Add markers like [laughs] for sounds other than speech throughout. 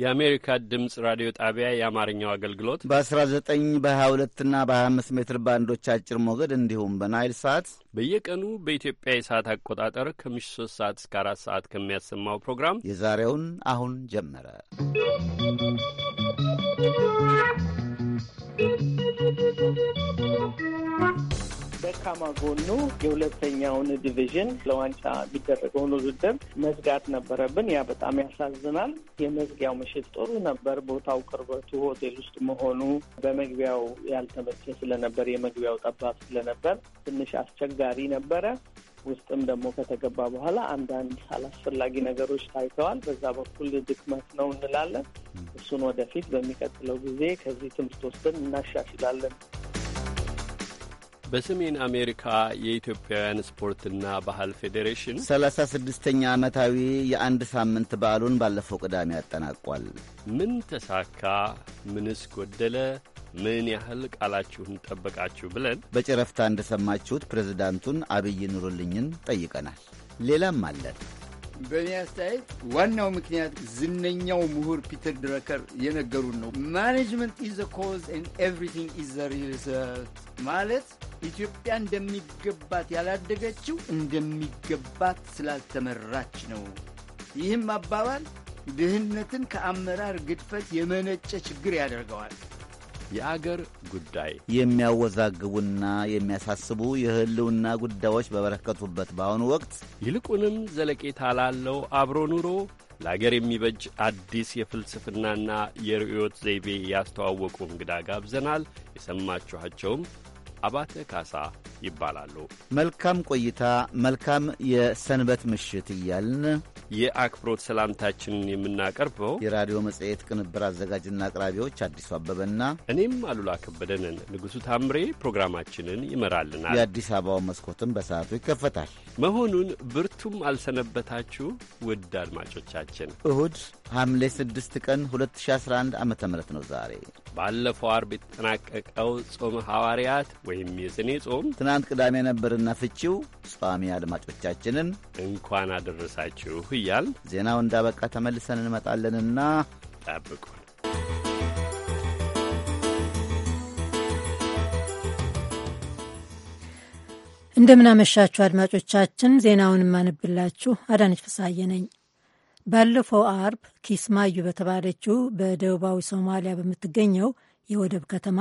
የአሜሪካ ድምፅ ራዲዮ ጣቢያ የአማርኛው አገልግሎት በ19 በ22 እና በ25 ሜትር ባንዶች አጭር ሞገድ እንዲሁም በናይል ሰዓት በየቀኑ በኢትዮጵያ የሰዓት አቆጣጠር ከምሽቱ 3 ሰዓት እስከ 4 ሰዓት ከሚያሰማው ፕሮግራም የዛሬውን አሁን ጀመረ። ደካማ ጎኑ የሁለተኛውን ዲቪዥን ለዋንጫ የሚደረገውን ውድድር መዝጋት ነበረብን። ያ በጣም ያሳዝናል። የመዝጊያው ምሽት ጥሩ ነበር። ቦታው ቅርበቱ ሆቴል ውስጥ መሆኑ በመግቢያው ያልተመቸ ስለነበር፣ የመግቢያው ጠባብ ስለነበር ትንሽ አስቸጋሪ ነበረ። ውስጥም ደግሞ ከተገባ በኋላ አንዳንድ አላስፈላጊ ነገሮች ታይተዋል። በዛ በኩል ድክመት ነው እንላለን። እሱን ወደፊት በሚቀጥለው ጊዜ ከዚህ ትምህርት ወስደን እናሻሽላለን። በሰሜን አሜሪካ የኢትዮጵያውያን ስፖርትና ባህል ፌዴሬሽን ሰላሳ ስድስተኛ ዓመታዊ የአንድ ሳምንት በዓሉን ባለፈው ቅዳሜ ያጠናቋል። ምን ተሳካ? ምንስ ጎደለ? ምን ያህል ቃላችሁን ጠበቃችሁ? ብለን በጨረፍታ እንደሰማችሁት ፕሬዝዳንቱን አብይ ኑሩልኝን ጠይቀናል። ሌላም አለን። በእኔ አስተያየት ዋናው ምክንያት ዝነኛው ምሁር ፒተር ድረከር የነገሩን ነው። ማኔጅመንት ኢዝ ኮዝ ኤንድ ኤቭሪቲንግ ኢዝ ሪዘልት ማለት ኢትዮጵያ እንደሚገባት ያላደገችው እንደሚገባት ስላልተመራች ነው። ይህም አባባል ድህነትን ከአመራር ግድፈት የመነጨ ችግር ያደርገዋል። የአገር ጉዳይ የሚያወዛግቡና የሚያሳስቡ የህልውና ጉዳዮች በበረከቱበት በአሁኑ ወቅት ይልቁንም ዘለቄታ ላለው አብሮ ኑሮ ለአገር የሚበጅ አዲስ የፍልስፍናና የርዕዮት ዘይቤ ያስተዋወቁ እንግዳ ጋብዘናል። የሰማችኋቸውም አባተ ካሳ ይባላሉ። መልካም ቆይታ፣ መልካም የሰንበት ምሽት እያልን የአክብሮት ሰላምታችንን የምናቀርበው የራዲዮ መጽሔት ቅንብር አዘጋጅና አቅራቢዎች አዲሱ አበበና እኔም አሉላ ከበደንን። ንጉሡ ታምሬ ፕሮግራማችንን ይመራልናል። የአዲስ አበባው መስኮትም በሰዓቱ ይከፈታል መሆኑን ብርቱም አልሰነበታችሁ ውድ አድማጮቻችን እሁድ ሐምሌ 6 ቀን 2011 ዓ ም ነው ዛሬ። ባለፈው አርብ የተጠናቀቀው ጾም ሐዋርያት ወይም የስኔ ጾም ትናንት ቅዳሜ ነበርና ፍቺው ጿሚ አድማጮቻችንን እንኳን አደረሳችሁ እያል ዜናው እንዳበቃ ተመልሰን እንመጣለንና ጠብቁ። እንደምናመሻችሁ አድማጮቻችን፣ ዜናውን የማንብላችሁ አዳነች ፍሳዬ ነኝ። ባለፈው አርብ ኪስማዩ በተባለችው በደቡባዊ ሶማሊያ በምትገኘው የወደብ ከተማ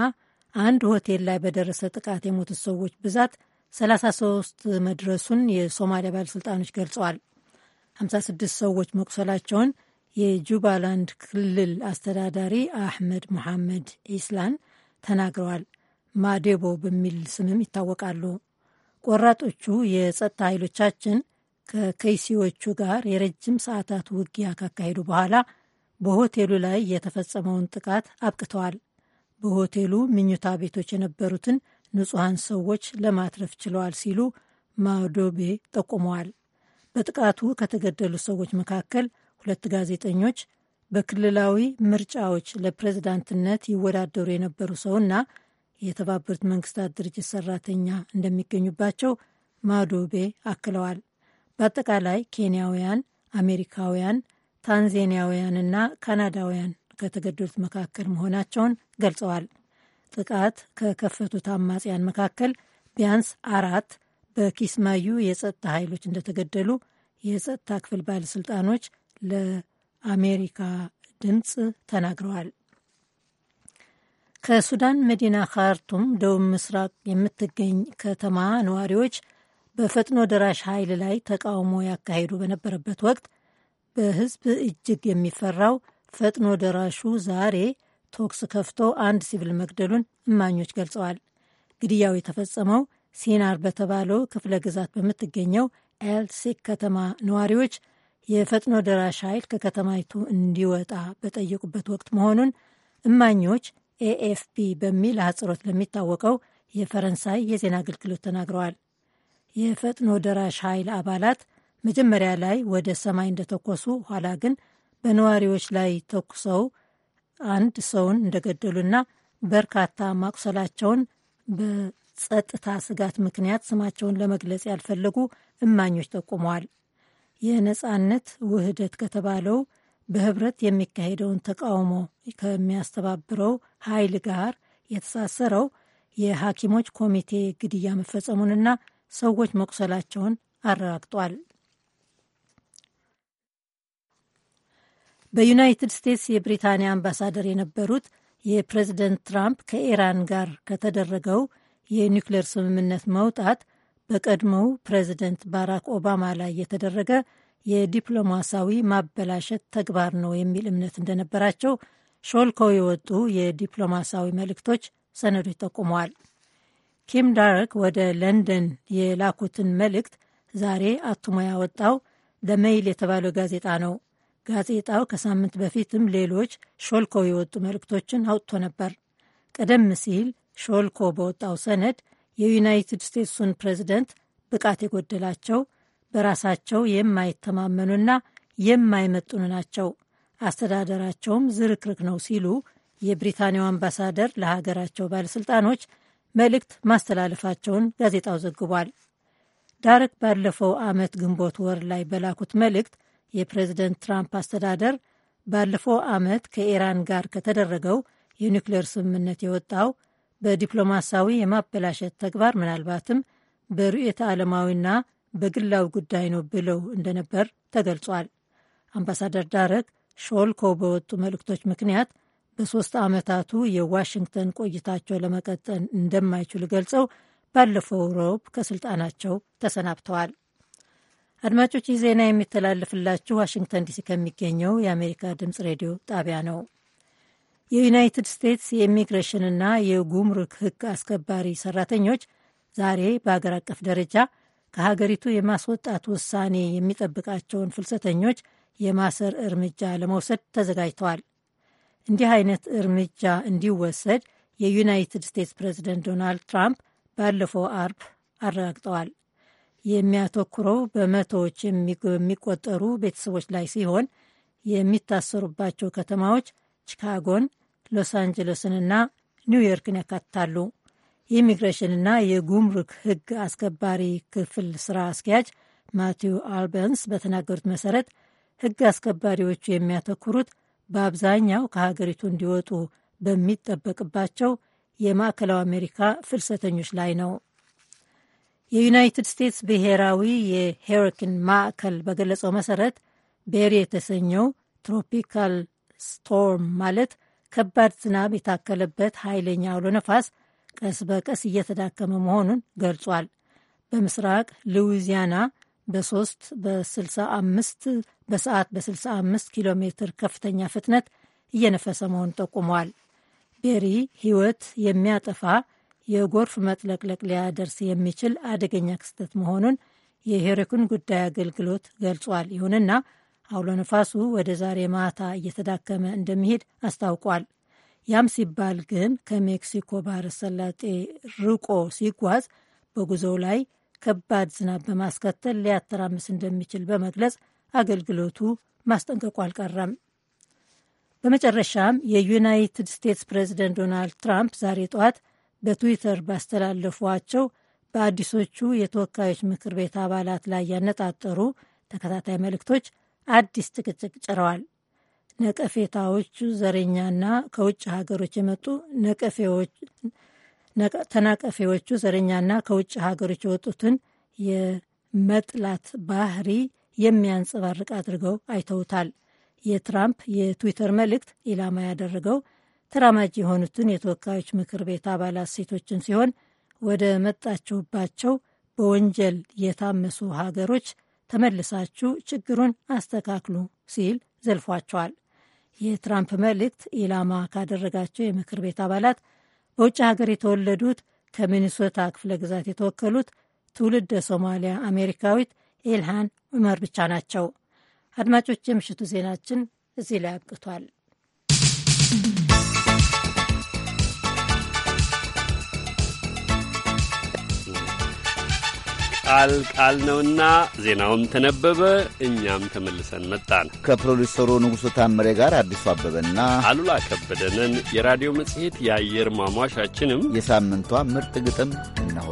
አንድ ሆቴል ላይ በደረሰ ጥቃት የሞቱት ሰዎች ብዛት 33 መድረሱን የሶማሊያ ባለሥልጣኖች ገልጸዋል። 56 ሰዎች መቁሰላቸውን የጁባላንድ ክልል አስተዳዳሪ አህመድ መሐመድ ኢስላን ተናግረዋል። ማዴቦ በሚል ስምም ይታወቃሉ። ቆራጦቹ የጸጥታ ኃይሎቻችን ከከይሲዎቹ ጋር የረጅም ሰዓታት ውጊያ ካካሄዱ በኋላ በሆቴሉ ላይ የተፈጸመውን ጥቃት አብቅተዋል። በሆቴሉ ምኝታ ቤቶች የነበሩትን ንጹሐን ሰዎች ለማትረፍ ችለዋል ሲሉ ማዶቤ ጠቁመዋል። በጥቃቱ ከተገደሉ ሰዎች መካከል ሁለት ጋዜጠኞች፣ በክልላዊ ምርጫዎች ለፕሬዝዳንትነት ይወዳደሩ የነበሩ ሰውና የተባበሩት መንግስታት ድርጅት ሰራተኛ እንደሚገኙባቸው ማዶቤ አክለዋል። በአጠቃላይ ኬንያውያን፣ አሜሪካውያን፣ ታንዛኒያውያንና ካናዳውያን ከተገደሉት መካከል መሆናቸውን ገልጸዋል። ጥቃት ከከፈቱት አማጽያን መካከል ቢያንስ አራት በኪስማዩ የጸጥታ ኃይሎች እንደተገደሉ የጸጥታ ክፍል ባለሥልጣኖች ለአሜሪካ ድምፅ ተናግረዋል። ከሱዳን መዲና ካርቱም ደቡብ ምስራቅ የምትገኝ ከተማ ነዋሪዎች በፈጥኖ ደራሽ ኃይል ላይ ተቃውሞ ያካሄዱ በነበረበት ወቅት በህዝብ እጅግ የሚፈራው ፈጥኖ ደራሹ ዛሬ ተኩስ ከፍቶ አንድ ሲቪል መግደሉን እማኞች ገልጸዋል። ግድያው የተፈጸመው ሲናር በተባለው ክፍለ ግዛት በምትገኘው ኤልሲክ ከተማ ነዋሪዎች የፈጥኖ ደራሽ ኃይል ከከተማይቱ እንዲወጣ በጠየቁበት ወቅት መሆኑን እማኞች ኤኤፍፒ በሚል አህጽሮት ለሚታወቀው የፈረንሳይ የዜና አገልግሎት ተናግረዋል። የፈጥኖ ደራሽ ኃይል አባላት መጀመሪያ ላይ ወደ ሰማይ እንደተኮሱ ኋላ ግን በነዋሪዎች ላይ ተኩሰው አንድ ሰውን እንደገደሉና በርካታ ማቁሰላቸውን በጸጥታ ስጋት ምክንያት ስማቸውን ለመግለጽ ያልፈለጉ እማኞች ጠቁመዋል። የነጻነት ውህደት ከተባለው በህብረት የሚካሄደውን ተቃውሞ ከሚያስተባብረው ኃይል ጋር የተሳሰረው የሐኪሞች ኮሚቴ ግድያ መፈጸሙንና ሰዎች መቁሰላቸውን አረጋግጧል። በዩናይትድ ስቴትስ የብሪታንያ አምባሳደር የነበሩት የፕሬዚደንት ትራምፕ ከኢራን ጋር ከተደረገው የኒውክሌር ስምምነት መውጣት በቀድሞው ፕሬዚደንት ባራክ ኦባማ ላይ የተደረገ የዲፕሎማሲያዊ ማበላሸት ተግባር ነው የሚል እምነት እንደነበራቸው ሾልከው የወጡ የዲፕሎማሲያዊ መልእክቶች ሰነዶች ጠቁመዋል። ኪም ዳርክ ወደ ለንደን የላኩትን መልእክት ዛሬ አትሞ ያወጣው ደመይል የተባለው ጋዜጣ ነው። ጋዜጣው ከሳምንት በፊትም ሌሎች ሾልኮ የወጡ መልእክቶችን አውጥቶ ነበር። ቀደም ሲል ሾልኮ በወጣው ሰነድ የዩናይትድ ስቴትሱን ፕሬዚደንት ብቃት የጎደላቸው በራሳቸው የማይተማመኑና የማይመጥኑ ናቸው፣ አስተዳደራቸውም ዝርክርክ ነው ሲሉ የብሪታንያው አምባሳደር ለሀገራቸው ባለሥልጣኖች መልእክት ማስተላለፋቸውን ጋዜጣው ዘግቧል። ዳረክ ባለፈው ዓመት ግንቦት ወር ላይ በላኩት መልእክት የፕሬዝደንት ትራምፕ አስተዳደር ባለፈው ዓመት ከኢራን ጋር ከተደረገው የኒውክሌር ስምምነት የወጣው በዲፕሎማሲያዊ የማበላሸት ተግባር ምናልባትም በርዕዮተ ዓለማዊና በግላዊ ጉዳይ ነው ብለው እንደነበር ተገልጿል። አምባሳደር ዳረክ ሾልኮ በወጡ መልእክቶች ምክንያት በሶስት ዓመታቱ የዋሽንግተን ቆይታቸው ለመቀጠል እንደማይችሉ ገልጸው ባለፈው ሮብ ከስልጣናቸው ተሰናብተዋል። አድማጮች ይህ ዜና የሚተላለፍላችሁ ዋሽንግተን ዲሲ ከሚገኘው የአሜሪካ ድምፅ ሬዲዮ ጣቢያ ነው። የዩናይትድ ስቴትስ የኢሚግሬሽንና የጉምሩክ ሕግ አስከባሪ ሰራተኞች ዛሬ በአገር አቀፍ ደረጃ ከሀገሪቱ የማስወጣት ውሳኔ የሚጠብቃቸውን ፍልሰተኞች የማሰር እርምጃ ለመውሰድ ተዘጋጅተዋል። እንዲህ አይነት እርምጃ እንዲወሰድ የዩናይትድ ስቴትስ ፕሬዚደንት ዶናልድ ትራምፕ ባለፈው አርብ አረጋግጠዋል። የሚያተኩረው በመቶዎች የሚቆጠሩ ቤተሰቦች ላይ ሲሆን የሚታሰሩባቸው ከተማዎች ቺካጎን፣ ሎስ አንጀለስንና ኒውዮርክን ያካትታሉ። የኢሚግሬሽንና የጉምሩክ ሕግ አስከባሪ ክፍል ስራ አስኪያጅ ማቲው አልበንስ በተናገሩት መሰረት ሕግ አስከባሪዎቹ የሚያተኩሩት በአብዛኛው ከሀገሪቱ እንዲወጡ በሚጠበቅባቸው የማዕከላዊ አሜሪካ ፍልሰተኞች ላይ ነው። የዩናይትድ ስቴትስ ብሔራዊ የሄሪኬን ማዕከል በገለጸው መሰረት ቤሪ የተሰኘው ትሮፒካል ስቶርም ማለት ከባድ ዝናብ የታከለበት ኃይለኛ አውሎ ነፋስ ቀስ በቀስ እየተዳከመ መሆኑን ገልጿል። በምስራቅ ሉዊዚያና በ3 በ65 በሰዓት በ65 ኪሎ ሜትር ከፍተኛ ፍጥነት እየነፈሰ መሆኑን ጠቁሟል። ቤሪ ሕይወት የሚያጠፋ የጎርፍ መጥለቅለቅ ሊያደርስ የሚችል አደገኛ ክስተት መሆኑን የሄሪኩን ጉዳይ አገልግሎት ገልጿል። ይሁንና አውሎ ነፋሱ ወደ ዛሬ ማታ እየተዳከመ እንደሚሄድ አስታውቋል። ያም ሲባል ግን ከሜክሲኮ ባህረ ሰላጤ ርቆ ሲጓዝ በጉዞው ላይ ከባድ ዝናብ በማስከተል ሊያተራምስ እንደሚችል በመግለጽ አገልግሎቱ ማስጠንቀቁ አልቀረም። በመጨረሻም የዩናይትድ ስቴትስ ፕሬዚደንት ዶናልድ ትራምፕ ዛሬ ጠዋት በትዊተር ባስተላለፏቸው በአዲሶቹ የተወካዮች ምክር ቤት አባላት ላይ ያነጣጠሩ ተከታታይ መልእክቶች አዲስ ጭቅጭቅ ጭረዋል። ነቀፌታዎቹ ዘረኛና ከውጭ ሀገሮች የመጡ ተናቃፊዎቹ ዘረኛና ከውጭ ሀገሮች የወጡትን የመጥላት ባህሪ የሚያንጸባርቅ አድርገው አይተውታል። የትራምፕ የትዊተር መልእክት ኢላማ ያደረገው ተራማጅ የሆኑትን የተወካዮች ምክር ቤት አባላት ሴቶችን ሲሆን ወደ መጣችሁባቸው በወንጀል የታመሱ ሀገሮች ተመልሳችሁ ችግሩን አስተካክሉ ሲል ዘልፏቸዋል። የትራምፕ መልእክት ኢላማ ካደረጋቸው የምክር ቤት አባላት በውጭ ሀገር የተወለዱት ከሚኒሶታ ክፍለ ግዛት የተወከሉት ትውልድ ሶማሊያ አሜሪካዊት ኤልሃን ዑመር ብቻ ናቸው። አድማጮች፣ የምሽቱ ዜናችን እዚህ ላይ አብቅቷል። ቃል ቃል ነውና ዜናውም ተነበበ፣ እኛም ተመልሰን መጣን። ከፕሮዲሰሩ ንጉሡ ታምሬ ጋር አዲሱ አበበና አሉላ ከበደንን የራዲዮ መጽሔት የአየር ማሟሻችንም የሳምንቷ ምርጥ ግጥም እነሆ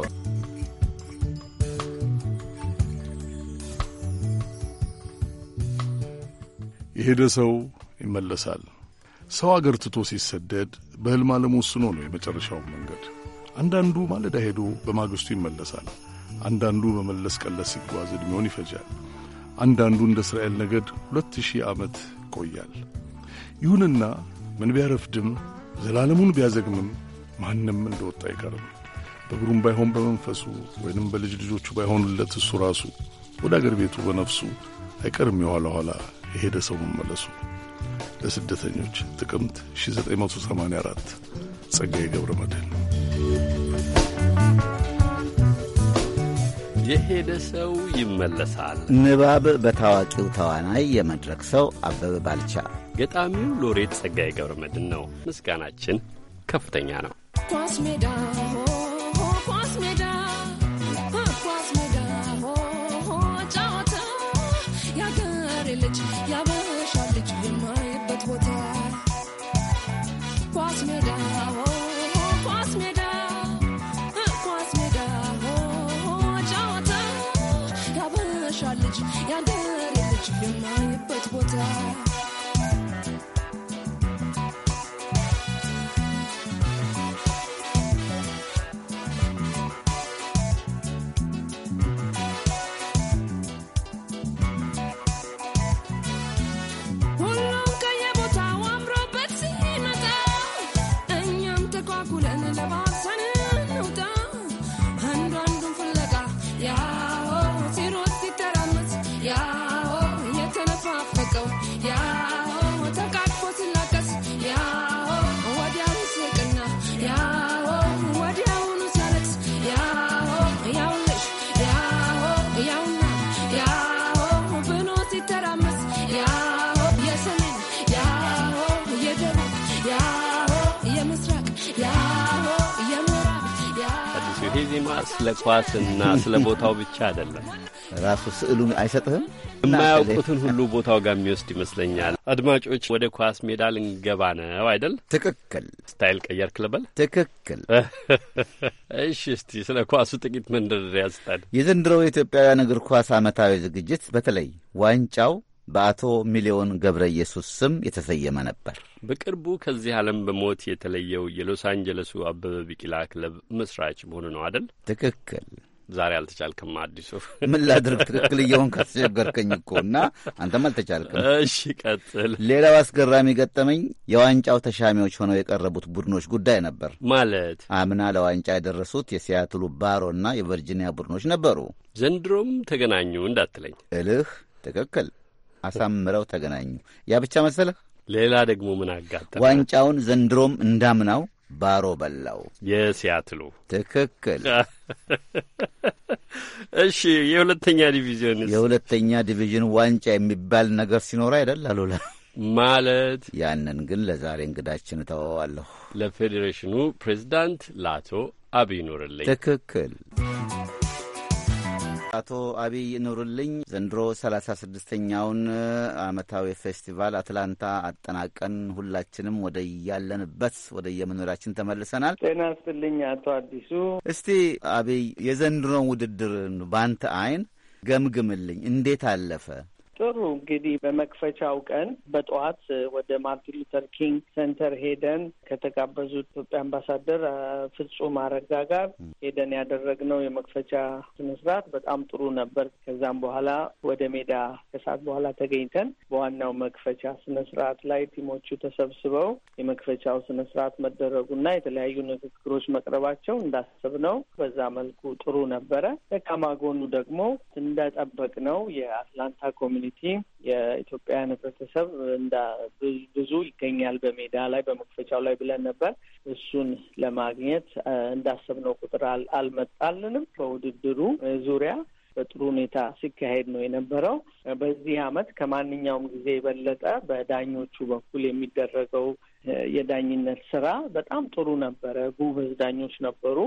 የሄደ ሰው ይመለሳል። ሰው አገር ትቶ ሲሰደድ በሕልም ዓለም ወስኖ ነው የመጨረሻውን መንገድ። አንዳንዱ ማለዳ ሄዶ በማግስቱ ይመለሳል። አንዳንዱ በመለስ ቀለስ ሲጓዝ ዕድሜውን ይፈጃል። አንዳንዱ እንደ እስራኤል ነገድ ሁለት ሺህ ዓመት ይቆያል። ይሁንና ምን ቢያረፍድም ዘላለሙን ቢያዘግምም ማንም እንደወጣ አይቀርም። በእግሩም ባይሆን በመንፈሱ ወይንም በልጅ ልጆቹ ባይሆኑለት እሱ ራሱ ወደ አገር ቤቱ በነፍሱ አይቀርም የኋላ ኋላ የሄደ ሰው መመለሱ። ለስደተኞች ጥቅምት 1984 ጸጋዬ ገብረ መድህን የሄደ ሰው ይመለሳል። ንባብ በታዋቂው ተዋናይ የመድረክ ሰው አበበ ባልቻ፣ ገጣሚው ሎሬት ጸጋዬ ገብረ መድን ነው። ምስጋናችን ከፍተኛ ነው። ኳስ ሜዳ you you admire but what I ስለ ኳስና ስለ ቦታው ብቻ አይደለም ራሱ ስዕሉን አይሰጥህም። የማያውቁትን ሁሉ ቦታው ጋር የሚወስድ ይመስለኛል። አድማጮች ወደ ኳስ ሜዳ ልንገባ ነው አይደል? ትክክል። ስታይል ቀየር ክልበል። ትክክል። [laughs] እሺ፣ እስቲ ስለ ኳሱ ጥቂት መንደርደሪያ ስጣል። የዘንድሮው የኢትዮጵያውያን እግር ኳስ ዓመታዊ ዝግጅት በተለይ ዋንጫው በአቶ ሚሊዮን ገብረ ኢየሱስ ስም የተሰየመ ነበር። በቅርቡ ከዚህ ዓለም በሞት የተለየው የሎስ አንጀለሱ አበበ ቢቂላ ክለብ መስራች መሆኑ ነው አደል? ትክክል። ዛሬ አልተቻልክም አዲሱ። ምን ላድርግ? ትክክል እየሆን ከተቸገርከኝ እኮ እና አንተም አልተቻልክም። እሺ ቀጥል። ሌላው አስገራሚ ገጠመኝ የዋንጫው ተሻሚዎች ሆነው የቀረቡት ቡድኖች ጉዳይ ነበር። ማለት አምና ለዋንጫ የደረሱት የሲያትሉ ባሮና የቨርጂኒያ ቡድኖች ነበሩ። ዘንድሮም ተገናኙ እንዳትለኝ እልህ። ትክክል አሳምረው ተገናኙ። ያ ብቻ መሰለህ? ሌላ ደግሞ ምን አጋጠመ? ዋንጫውን ዘንድሮም እንዳምናው ባሮ በላው። የሲያትሉ ትክክል። [laughs] እሺ፣ የሁለተኛ ዲቪዥን የሁለተኛ ዲቪዥን ዋንጫ የሚባል ነገር ሲኖር አይደል አሉላ ማለት ያንን ግን ለዛሬ እንግዳችን እተወዋለሁ። ለፌዴሬሽኑ ፕሬዚዳንት ለአቶ አብይ ኑርልኝ ትክክል አቶ አብይ ኑርልኝ ዘንድሮ ሰላሳ ስድስተኛውን አመታዊ ፌስቲቫል አትላንታ አጠናቀን ሁላችንም ወደ ያለንበት ወደ የመኖሪያችን ተመልሰናል። ጤና ይስጥልኝ አቶ አዲሱ። እስቲ አብይ የዘንድሮን ውድድር በአንተ አይን ገምግምልኝ። እንዴት አለፈ? ጥሩ እንግዲህ በመክፈቻው ቀን በጠዋት ወደ ማርቲን ሉተር ኪንግ ሴንተር ሄደን ከተጋበዙት ኢትዮጵያ አምባሳደር ፍጹም አረጋ ጋር ሄደን ያደረግነው የመክፈቻ ስነስርዓት በጣም ጥሩ ነበር። ከዛም በኋላ ወደ ሜዳ ከሰዓት በኋላ ተገኝተን በዋናው መክፈቻ ስነስርዓት ላይ ቲሞቹ ተሰብስበው የመክፈቻው ስነስርዓት መደረጉና የተለያዩ ንግግሮች መቅረባቸው እንዳሰብነው በዛ መልኩ ጥሩ ነበረ። ደካማ ጎኑ ደግሞ እንደጠበቅነው የአትላንታ ኮሚኒ ኮሚኒቲ የኢትዮጵያውያን ህብረተሰብ እንዳ ብዙ ይገኛል በሜዳ ላይ በመክፈቻው ላይ ብለን ነበር። እሱን ለማግኘት እንዳሰብነው ቁጥር አልመጣልንም። በውድድሩ ዙሪያ በጥሩ ሁኔታ ሲካሄድ ነው የነበረው። በዚህ አመት ከማንኛውም ጊዜ የበለጠ በዳኞቹ በኩል የሚደረገው የዳኝነት ስራ በጣም ጥሩ ነበረ። ጉብዝ ዳኞች ነበሩ።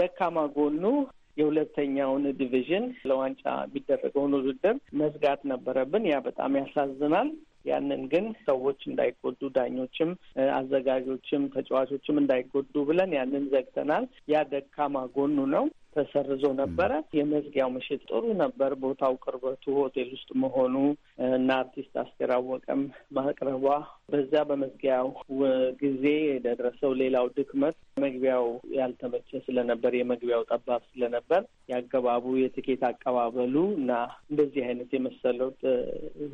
ደካማ ጎኑ የሁለተኛውን ዲቪዥን ለዋንጫ የሚደረገውን ውድድር መዝጋት ነበረብን። ያ በጣም ያሳዝናል። ያንን ግን ሰዎች እንዳይጎዱ ዳኞችም፣ አዘጋጆችም፣ ተጫዋቾችም እንዳይጎዱ ብለን ያንን ዘግተናል። ያ ደካማ ጎኑ ነው። ተሰርዞ ነበረ። የመዝጊያው ምሽት ጥሩ ነበር። ቦታው ቅርበቱ፣ ሆቴል ውስጥ መሆኑ እና አርቲስት አስቴር አወቀም ማቅረቧ በዛ በመዝጊያው ጊዜ የደረሰው ሌላው ድክመት መግቢያው ያልተመቸ ስለነበር የመግቢያው ጠባብ ስለነበር ያገባቡ፣ የትኬት አቀባበሉ እና እንደዚህ አይነት የመሰለው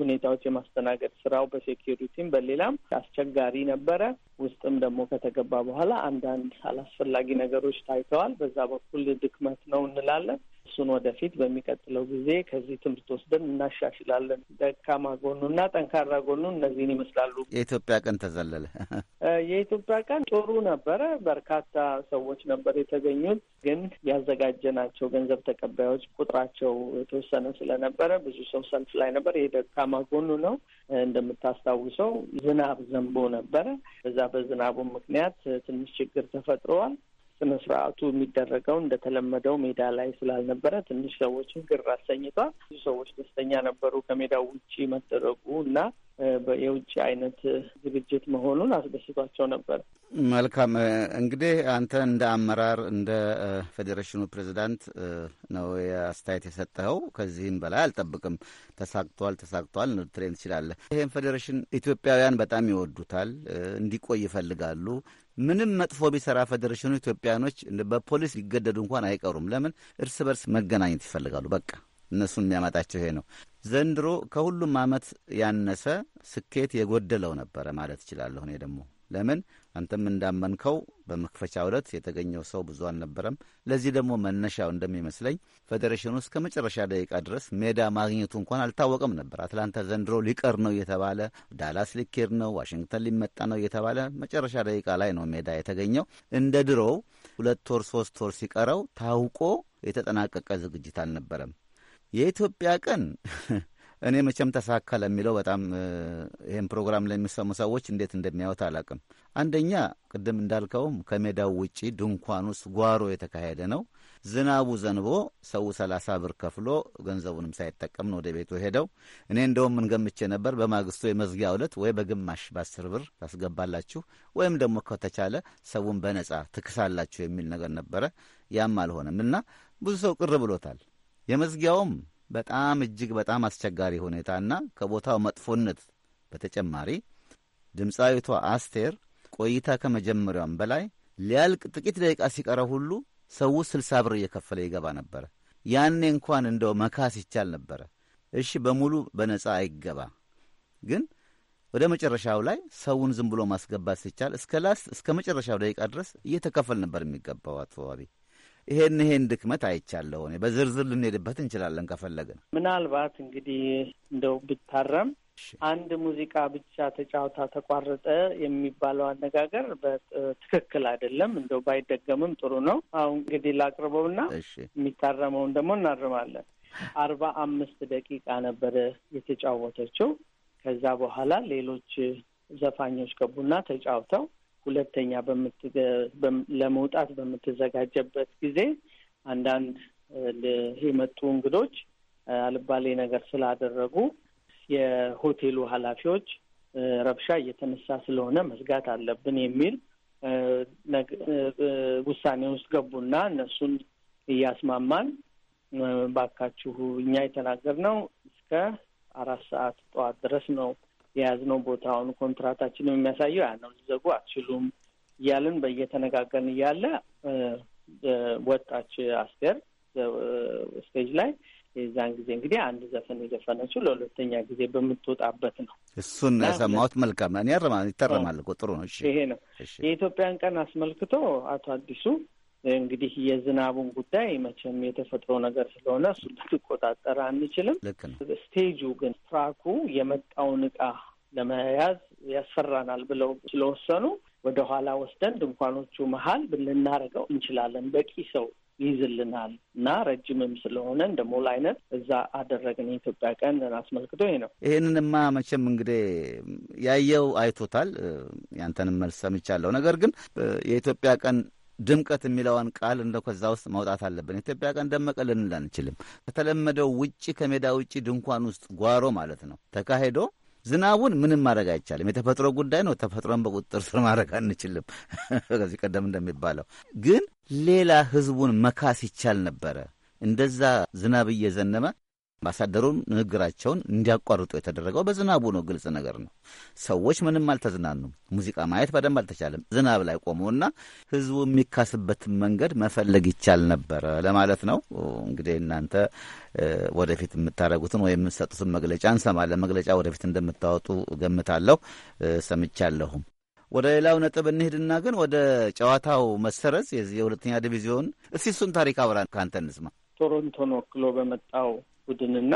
ሁኔታዎች የማስተናገድ ስራው በሴኪሪቲም በሌላም አስቸጋሪ ነበረ። ውስጥም ደግሞ ከተገባ በኋላ አንዳንድ አላስፈላጊ ነገሮች ታይተዋል። በዛ በኩል ድክመት ኢንቨስትመንት ነው እንላለን። እሱን ወደፊት በሚቀጥለው ጊዜ ከዚህ ትምህርት ወስደን እናሻሽላለን። ደካማ ጎኑና ጠንካራ ጎኑ እነዚህን ይመስላሉ። የኢትዮጵያ ቀን ተዘለለ። [laughs] የኢትዮጵያ ቀን ጥሩ ነበረ። በርካታ ሰዎች ነበር የተገኙት። ግን ያዘጋጀናቸው ገንዘብ ተቀባዮች ቁጥራቸው የተወሰነ ስለነበረ ብዙ ሰው ሰልፍ ላይ ነበር። ይህ ደካማ ጎኑ ነው። እንደምታስታውሰው ዝናብ ዘንቦ ነበረ። በዛ በዝናቡ ምክንያት ትንሽ ችግር ተፈጥረዋል። ስነ ስርዓቱ የሚደረገው እንደተለመደው ሜዳ ላይ ስላልነበረ ትንሽ ሰዎችን ግር አሰኝቷል። ብዙ ሰዎች ደስተኛ ነበሩ ከሜዳው ውጪ መደረጉ እና የውጭ አይነት ዝግጅት መሆኑን አስደስቷቸው ነበር። መልካም እንግዲህ አንተ እንደ አመራር እንደ ፌዴሬሽኑ ፕሬዚዳንት ነው የአስተያየት የሰጠኸው። ከዚህም በላይ አልጠብቅም። ተሳክቷል ተሳክቷል ልትለን ትችላለህ። ይህም ፌዴሬሽን ኢትዮጵያውያን በጣም ይወዱታል፣ እንዲቆይ ይፈልጋሉ። ምንም መጥፎ ቢሰራ ፌዴሬሽኑ ኢትዮጵያኖች በፖሊስ ሊገደዱ እንኳን አይቀሩም። ለምን እርስ በርስ መገናኘት ይፈልጋሉ። በቃ እነሱን የሚያመጣቸው ይሄ ነው። ዘንድሮ ከሁሉም ዓመት ያነሰ ስኬት የጎደለው ነበረ ማለት እችላለሁ እኔ ደግሞ ለምን አንተም እንዳመንከው በመክፈቻ ዕለት የተገኘው ሰው ብዙ አልነበረም። ለዚህ ደግሞ መነሻው እንደሚመስለኝ ፌዴሬሽኑ እስከ መጨረሻ ደቂቃ ድረስ ሜዳ ማግኘቱ እንኳን አልታወቀም ነበር። አትላንታ ዘንድሮ ሊቀር ነው እየተባለ፣ ዳላስ ሊኬር ነው፣ ዋሽንግተን ሊመጣ ነው እየተባለ መጨረሻ ደቂቃ ላይ ነው ሜዳ የተገኘው። እንደ ድሮው ሁለት ወር ሶስት ወር ሲቀረው ታውቆ የተጠናቀቀ ዝግጅት አልነበረም። የኢትዮጵያ ቀን እኔ መቼም ተሳካለ የሚለው በጣም ይህን ፕሮግራም ለሚሰሙ ሰዎች እንዴት እንደሚያዩት አላቅም። አንደኛ ቅድም እንዳልከውም ከሜዳው ውጪ ድንኳን ውስጥ ጓሮ የተካሄደ ነው። ዝናቡ ዘንቦ ሰው ሰላሳ ብር ከፍሎ ገንዘቡንም ሳይጠቀም ነው ወደ ቤቱ ሄደው። እኔ እንደውም ምን ነበር በማግስቱ የመዝጊያ ዕለት ወይ በግማሽ በአስር ብር ታስገባላችሁ ወይም ደግሞ ከተቻለ ሰውን በነጻ ትክሳላችሁ የሚል ነገር ነበረ። ያም አልሆነም እና ብዙ ሰው ቅር ብሎታል። የመዝጊያውም በጣም እጅግ በጣም አስቸጋሪ ሁኔታና ከቦታው መጥፎነት በተጨማሪ ድምፃዊቷ አስቴር ቆይታ ከመጀመሪያውም በላይ ሊያልቅ ጥቂት ደቂቃ ሲቀረ ሁሉ ሰው ስልሳ ብር እየከፈለ ይገባ ነበረ። ያኔ እንኳን እንደው መካስ ይቻል ነበረ። እሺ በሙሉ በነጻ አይገባ፣ ግን ወደ መጨረሻው ላይ ሰውን ዝም ብሎ ማስገባት ሲቻል እስከ ላስት እስከ መጨረሻው ደቂቃ ድረስ እየተከፈል ነበር የሚገባው። አቶ ይሄን ይሄን ድክመት አይቻለሁ እኔ። በዝርዝር ልንሄድበት እንችላለን ከፈለግን። ምናልባት እንግዲህ እንደው ብታረም አንድ ሙዚቃ ብቻ ተጫውታ ተቋረጠ የሚባለው አነጋገር በትክክል አይደለም። እንደው ባይደገምም ጥሩ ነው። አሁን እንግዲህ ላቅርበውና የሚታረመውን ደግሞ እናርማለን። አርባ አምስት ደቂቃ ነበረ የተጫወተችው። ከዛ በኋላ ሌሎች ዘፋኞች ገቡና ተጫውተው ሁለተኛ ለመውጣት በምትዘጋጀበት ጊዜ አንዳንድ የመጡ እንግዶች አልባሌ ነገር ስላደረጉ የሆቴሉ ኃላፊዎች ረብሻ እየተነሳ ስለሆነ መዝጋት አለብን የሚል ውሳኔ ውስጥ ገቡና እነሱን እያስማማን ባካችሁ እኛ የተናገርነው እስከ አራት ሰዓት ጠዋት ድረስ ነው የያዝነው ቦታውን ኮንትራታችን የሚያሳየው ያ ነው፣ ሊዘጉ አትችሉም እያልን በየተነጋገርን እያለ ወጣች አስቴር ስቴጅ ላይ። የዛን ጊዜ እንግዲህ አንድ ዘፈን የዘፈነችው ለሁለተኛ ጊዜ በምትወጣበት ነው። እሱን የሰማሁት መልካም ያረማ ይተረማል። ጥሩ ነው። ይሄ ነው የኢትዮጵያን ቀን አስመልክቶ አቶ አዲሱ እንግዲህ የዝናቡን ጉዳይ መቼም የተፈጥሮ ነገር ስለሆነ እሱ ልትቆጣጠር አንችልም። ልክ ነው። ስቴጁ ግን ትራኩ የመጣውን እቃ ለመያዝ ያስፈራናል ብለው ስለወሰኑ ወደኋላ ወስደን ድንኳኖቹ መሀል ልናደርገው እንችላለን። በቂ ሰው ይይዝልናል እና ረጅምም ስለሆነ እንደ ሞል አይነት እዛ አደረግን። የኢትዮጵያ ቀን አስመልክቶ ይሄ ነው። ይህንንማ መቼም እንግዲህ ያየው አይቶታል። ያንተንም መልስ ሰምቻለሁ። ነገር ግን የኢትዮጵያ ቀን ድምቀት የሚለውን ቃል እንደ ከዛ ውስጥ ማውጣት አለብን። ኢትዮጵያ ቀን ደመቀ ልንል አንችልም። ከተለመደው ውጭ ከሜዳ ውጭ ድንኳን ውስጥ ጓሮ ማለት ነው ተካሄዶ ዝናቡን ምንም ማድረግ አይቻልም። የተፈጥሮ ጉዳይ ነው። ተፈጥሮን በቁጥጥር ስር ማድረግ አንችልም። [laughs] ከዚህ ቀደም እንደሚባለው ግን ሌላ ህዝቡን መካስ ይቻል ነበረ። እንደዛ ዝናብ እየዘነበ አምባሳደሩን ንግግራቸውን እንዲያቋርጡ የተደረገው በዝናቡ ነው። ግልጽ ነገር ነው። ሰዎች ምንም አልተዝናኑም። ሙዚቃ ማየት በደንብ አልተቻለም። ዝናብ ላይ ቆመውና ህዝቡ የሚካስበትን መንገድ መፈለግ ይቻል ነበረ ለማለት ነው። እንግዲህ እናንተ ወደፊት የምታደርጉትን ወይም የምትሰጡትን መግለጫ እንሰማለን። መግለጫ ወደፊት እንደምታወጡ ገምታለሁ። ሰምቻለሁም። ወደ ሌላው ነጥብ እንሄድና ግን ወደ ጨዋታው መሰረዝ የዚህ የሁለተኛ ዲቪዚዮን እስቲ እሱን ታሪክ አብራን ከአንተ እንስማ። ቶሮንቶን ወክሎ በመጣው ቡድንና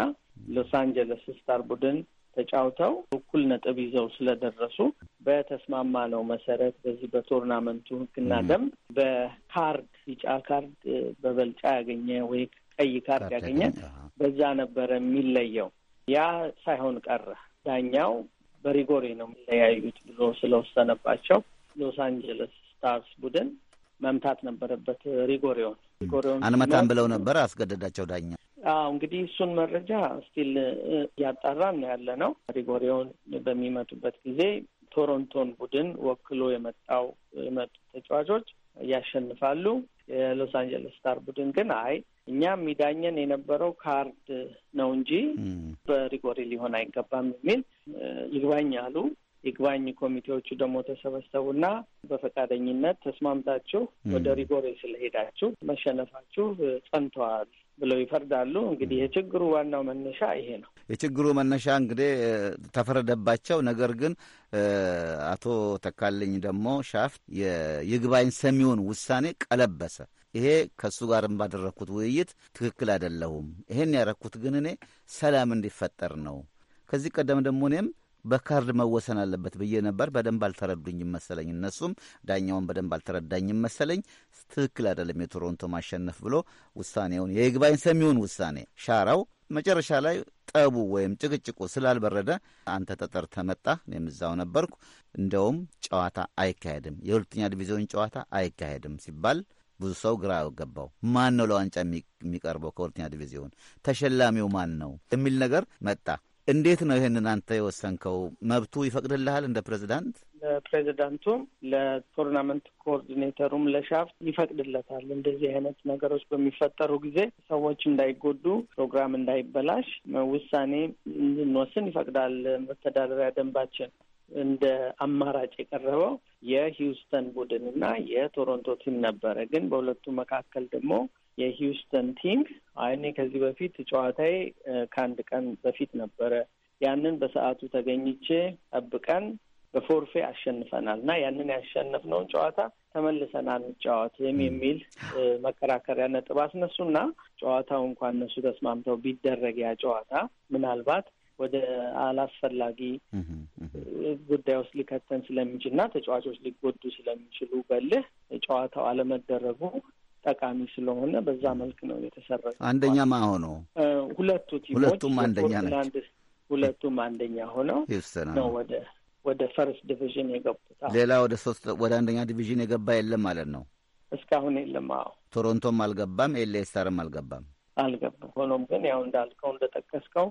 ሎስ አንጀለስ ስታር ቡድን ተጫውተው እኩል ነጥብ ይዘው ስለደረሱ በተስማማ ነው መሰረት በዚህ በቶርናመንቱ ሕግና ደንብ በካርድ ቢጫ ካርድ በበልጫ ያገኘ ወይ ቀይ ካርድ ያገኘ በዛ ነበረ የሚለየው። ያ ሳይሆን ቀረ። ዳኛው በሪጎሬ ነው የሚለያዩት ብሎ ስለወሰነባቸው ሎስ አንጀለስ ስታርስ ቡድን መምታት ነበረበት ሪጎሬውን። ሪጎሬውን አንመታም ብለው ነበር፣ አስገደዳቸው ዳኛ። አዎ እንግዲህ እሱን መረጃ ስቲል እያጣራን ያለ ነው። ሪጎሪዮን በሚመጡበት ጊዜ ቶሮንቶን ቡድን ወክሎ የመጣው የመጡ ተጫዋቾች ያሸንፋሉ። የሎስ አንጀለስ ስታር ቡድን ግን አይ እኛ የሚዳኘን የነበረው ካርድ ነው እንጂ በሪጎሪ ሊሆን አይገባም የሚል ይግባኝ አሉ። ይግባኝ ኮሚቴዎቹ ደግሞ ተሰበሰቡና በፈቃደኝነት ተስማምታችሁ ወደ ሪጎሪ ስለሄዳችሁ መሸነፋችሁ ጸንተዋል ብለው ይፈርዳሉ። እንግዲህ የችግሩ ዋናው መነሻ ይሄ ነው። የችግሩ መነሻ እንግዲህ ተፈረደባቸው። ነገር ግን አቶ ተካልኝ ደግሞ ሻፍት የይግባኝ ሰሚውን ውሳኔ ቀለበሰ። ይሄ ከእሱ ጋርም ባደረግኩት ውይይት ትክክል አይደለሁም፣ ይሄን ያረግኩት ግን እኔ ሰላም እንዲፈጠር ነው። ከዚህ ቀደም ደግሞ እኔም በካርድ መወሰን አለበት ብዬ ነበር። በደንብ አልተረዱኝም መሰለኝ፣ እነሱም ዳኛውን በደንብ አልተረዳኝም መሰለኝ። ትክክል አይደለም የቶሮንቶ ማሸነፍ ብሎ ውሳኔውን የይግባኝ ሰሚውን ውሳኔ ሻራው። መጨረሻ ላይ ጠቡ ወይም ጭቅጭቁ ስላልበረደ አንተ ጠጠር ተመጣ። እኔም እዛው ነበርኩ። እንደውም ጨዋታ አይካሄድም፣ የሁለተኛ ዲቪዚዮን ጨዋታ አይካሄድም ሲባል ብዙ ሰው ግራ ገባው። ማን ነው ለዋንጫ የሚቀርበው ከሁለተኛ ዲቪዚዮን? ተሸላሚው ማን ነው የሚል ነገር መጣ። እንዴት ነው ይህንን አንተ የወሰንከው? መብቱ ይፈቅድልሃል እንደ ፕሬዚዳንት? ለፕሬዚዳንቱም ለቶርናመንት ኮኦርዲኔተሩም ለሻፍት ይፈቅድለታል። እንደዚህ አይነት ነገሮች በሚፈጠሩ ጊዜ ሰዎች እንዳይጎዱ፣ ፕሮግራም እንዳይበላሽ ውሳኔ እንድንወስን ይፈቅዳል መተዳደሪያ ደንባችን። እንደ አማራጭ የቀረበው የሂውስተን ቡድን እና የቶሮንቶ ቲም ነበረ። ግን በሁለቱ መካከል ደግሞ የሂውስተን ቲም አይ እኔ ከዚህ በፊት ጨዋታዬ ከአንድ ቀን በፊት ነበረ ያንን በሰዓቱ ተገኝቼ ጠብቀን በፎርፌ አሸንፈናል እና ያንን ያሸነፍነውን ጨዋታ ተመልሰን አንጫወትም የሚል መከራከሪያ ነጥብ አስነሱና ጨዋታው እንኳን እነሱ ተስማምተው ቢደረግ ያ ጨዋታ ምናልባት ወደ አላስፈላጊ ጉዳይ ውስጥ ሊከተን ስለሚችል እና ተጫዋቾች ሊጎዱ ስለሚችሉ በልህ ጨዋታው አለመደረጉ ጠቃሚ ስለሆነ በዛ መልክ ነው የተሰረቀ። አንደኛ ማን ሆኖ ሁለቱ ቲሞች ሁለቱም አንደኛ ሁለቱም አንደኛ ሆነው ነው ወደ ወደ ፈርስት ዲቪዥን የገቡት። ሌላ ወደ ሶስት ወደ አንደኛ ዲቪዥን የገባ የለም ማለት ነው እስካሁን የለም። አዎ ቶሮንቶም አልገባም፣ ኤሌስታርም አልገባም አልገባም። ሆኖም ግን ያው እንዳልከው እንደጠቀስከው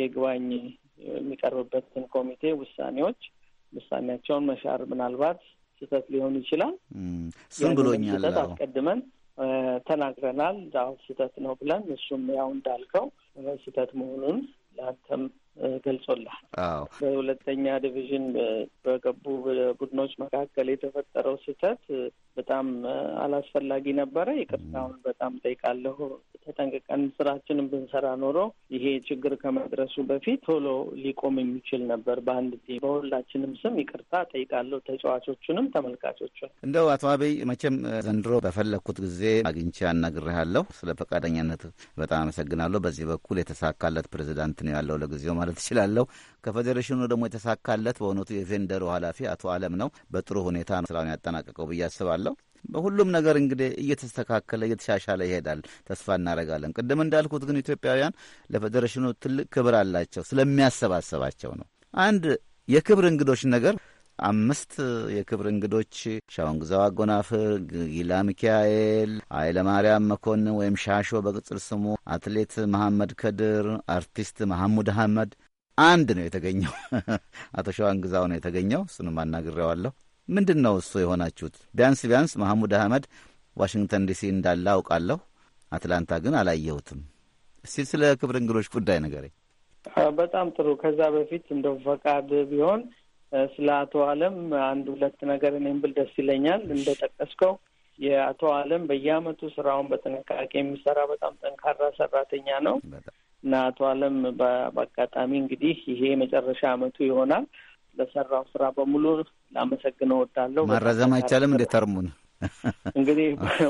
የግባኝ የሚቀርብበትን ኮሚቴ ውሳኔዎች ውሳኔያቸውን መሻር ምናልባት ስህተት ሊሆን ይችላል። ስም ብሎኛል አስቀድመን ተናግረናል። አሁን ስህተት ነው ብለን እሱም ያው እንዳልከው ስህተት መሆኑን ለአንተም ገልጾላል። በሁለተኛ ዲቪዥን በገቡ ቡድኖች መካከል የተፈጠረው ስህተት በጣም አላስፈላጊ ነበረ። ይቅርታውን በጣም ጠይቃለሁ። ተጠንቅቀን ስራችንን ብንሰራ ኖሮ ይሄ ችግር ከመድረሱ በፊት ቶሎ ሊቆም የሚችል ነበር። በአንድ ቲም በሁላችንም ስም ይቅርታ ጠይቃለሁ፣ ተጫዋቾቹንም ተመልካቾቹን። እንደው አቶ አብይ መቼም ዘንድሮ በፈለግኩት ጊዜ አግኝቼ አናግሬሃለሁ። ስለ ፈቃደኛነት በጣም አመሰግናለሁ። በዚህ በኩል የተሳካለት ፕሬዚዳንት ነው ያለው ለጊዜው ማለት እችላለሁ። ከፌዴሬሽኑ ደግሞ የተሳካለት በእውነቱ የቬንደሩ ኃላፊ አቶ አለም ነው። በጥሩ ሁኔታ ነው ስራውን ያጠናቀቀው ብዬ አስባለሁ። በሁሉም ነገር እንግዲህ እየተስተካከለ እየተሻሻለ ይሄዳል፣ ተስፋ እናደርጋለን። ቅድም እንዳልኩት ግን ኢትዮጵያውያን ለፌዴሬሽኑ ትልቅ ክብር አላቸው፣ ስለሚያሰባሰባቸው ነው። አንድ የክብር እንግዶች ነገር አምስት የክብር እንግዶች ግዛው አጎናፍር፣ ጊላ ሚካኤል፣ ኃይለማርያም መኮንን ወይም ሻሾ በቅጽል ስሙ፣ አትሌት መሐመድ ከድር፣ አርቲስት መሐሙድ አህመድ አንድ ነው የተገኘው። [laughs] አቶ ግዛው ነው የተገኘው። እሱንም አናግሬዋለሁ። ምንድን ነው እሱ የሆናችሁት? ቢያንስ ቢያንስ መሐሙድ አህመድ ዋሽንግተን ዲሲ እንዳለ አውቃለሁ። አትላንታ ግን አላየሁትም። እስቲ ስለ ክብር እንግዶች ጉዳይ ነገር በጣም ጥሩ። ከዛ በፊት እንደው ፈቃድ ቢሆን ስለ አቶ አለም አንድ ሁለት ነገር እኔም ብል ደስ ይለኛል። እንደጠቀስከው የአቶ አለም በየአመቱ ስራውን በጥንቃቄ የሚሰራ በጣም ጠንካራ ሰራተኛ ነው እና አቶ አለም በአጋጣሚ እንግዲህ ይሄ የመጨረሻ አመቱ ይሆናል። ለሰራው ስራ በሙሉ ላመሰግነው እወዳለሁ። ማራዘም አይቻልም እንደ ተርሙን እንግዲህ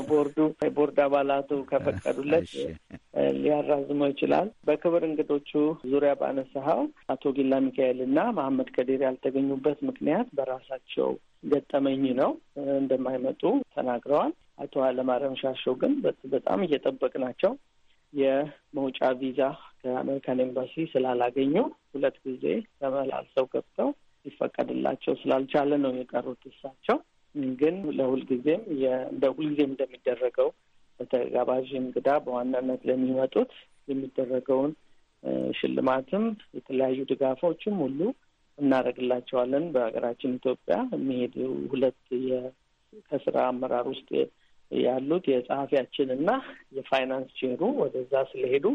ቦርዱ የቦርድ አባላቱ ከፈቀዱለት ሊያራዝመው ይችላል። በክብር እንግዶቹ ዙሪያ ባነሳኸው አቶ ጊላ ሚካኤል እና መሀመድ ከዲር ያልተገኙበት ምክንያት በራሳቸው ገጠመኝ ነው እንደማይመጡ ተናግረዋል። አቶ አለማርያም ሻሾ ግን በጣም እየጠበቅ ናቸው። የመውጫ ቪዛ ከአሜሪካን ኤምባሲ ስላላገኙ ሁለት ጊዜ ተመላልሰው ገብተው ሊፈቀድላቸው ስላልቻለ ነው የቀሩት እሳቸው ግን ለሁልጊዜም እንደ ሁልጊዜም እንደሚደረገው በተጋባዥ እንግዳ በዋናነት ለሚመጡት የሚደረገውን ሽልማትም የተለያዩ ድጋፎችም ሁሉ እናደርግላቸዋለን። በሀገራችን ኢትዮጵያ የሚሄዱ ሁለት ከስራ አመራር ውስጥ ያሉት የጸሐፊያችን እና የፋይናንስ ቼሩ ወደዛ ስለሄዱ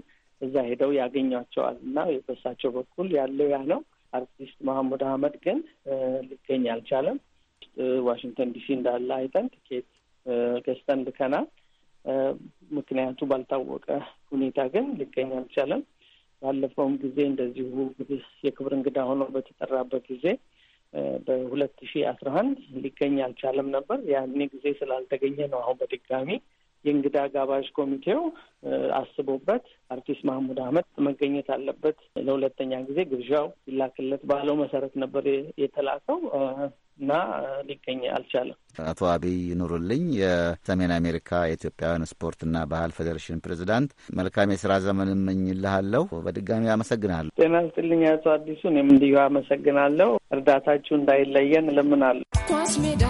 እዛ ሄደው ያገኟቸዋል እና በሳቸው በኩል ያለው ያ ነው። አርቲስት መሐሙድ አህመድ ግን ሊገኝ አልቻለም። ውስጥ ዋሽንግተን ዲሲ እንዳለ አይተን ትኬት ገዝተን ልከናል። ምክንያቱ ባልታወቀ ሁኔታ ግን ልገኝ አልቻለም። ባለፈውም ጊዜ እንደዚሁ የክብር እንግዳ ሆኖ በተጠራበት ጊዜ በሁለት ሺ አስራ አንድ ሊገኝ አልቻለም ነበር። ያኔ ጊዜ ስላልተገኘ ነው አሁን በድጋሚ የእንግዳ ጋባዥ ኮሚቴው አስቦበት አርቲስት ማህሙድ አህመድ መገኘት አለበት ለሁለተኛ ጊዜ ግብዣው ይላክለት ባለው መሰረት ነበር የተላከው። እና ሊገኝ አልቻለም። አቶ አብይ ኑሩልኝ የሰሜን አሜሪካ የኢትዮጵያውያን ስፖርትና ባህል ፌዴሬሽን ፕሬዚዳንት፣ መልካም የስራ ዘመን እመኝልሃለሁ። በድጋሚ አመሰግናለሁ። ጤና ስጥልኝ አቶ አዲሱ። እኔም እንዲሁ አመሰግናለሁ። እርዳታችሁ እንዳይለየን እለምናለሁ። ኳስ ሜዳ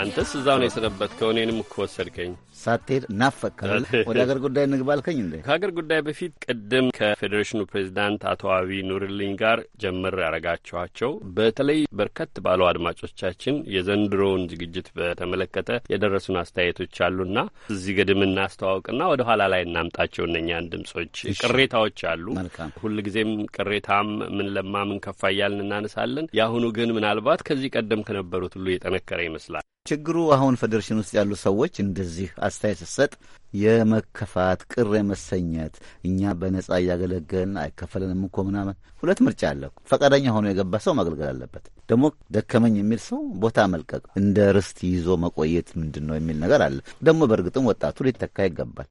አንተስ እዛው ነው የሰነበትከው። እኔንም እኮ ወሰድከኝ ሳትሄድ ናፈቅከኝ። [laughs] ወደ አገር ጉዳይ እንግባልከኝ እንዴ? ከአገር ጉዳይ በፊት ቅድም ከፌዴሬሽኑ ፕሬዚዳንት አቶ አብይ ኑርልኝ ጋር ጀምር ያረጋችኋቸው በተለይ በርከት ባሉ አድማጮቻችን የዘንድሮውን ዝግጅት በተመለከተ የደረሱን አስተያየቶች አሉና እዚህ ግድም እናስተዋውቅና ወደ ኋላ ላይ እናምጣቸው። እነኛን ድምጾች ቅሬታዎች አሉ። ሁልጊዜም ቅሬታም ምን ለማ ምን ከፋ እያልን እናነሳለን። የአሁኑ ግን ምናልባት ከዚህ ቀደም ከነበሩት ሁሉ የጠነከረ ይመስላል። ችግሩ አሁን ፌዴሬሽን ውስጥ ያሉ ሰዎች እንደዚህ አስተያየት ስሰጥ የመከፋት ቅር የመሰኘት እኛ በነጻ እያገለገልን አይከፈለንም እኮ ምናምን። ሁለት ምርጫ አለ። ፈቃደኛ ሆኖ የገባ ሰው ማገልገል አለበት። ደግሞ ደከመኝ የሚል ሰው ቦታ መልቀቅ፣ እንደ ርስት ይዞ መቆየት ምንድን ነው የሚል ነገር አለ። ደግሞ በእርግጥም ወጣቱ ሊተካ ይገባል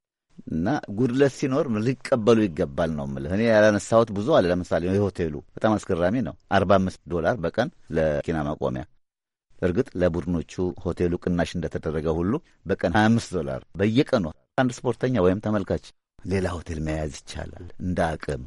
እና ጉድለት ሲኖር ሊቀበሉ ይገባል ነው የምልህ። እኔ ያላነሳሁት ብዙ አለ። ለምሳሌ የሆቴሉ በጣም አስገራሚ ነው። አርባ አምስት ዶላር በቀን ለኪና ማቆሚያ እርግጥ ለቡድኖቹ ሆቴሉ ቅናሽ እንደተደረገ ሁሉ በቀን 25 ዶላር በየቀኑ አንድ ስፖርተኛ ወይም ተመልካች ሌላ ሆቴል መያዝ ይቻላል እንደ አቅም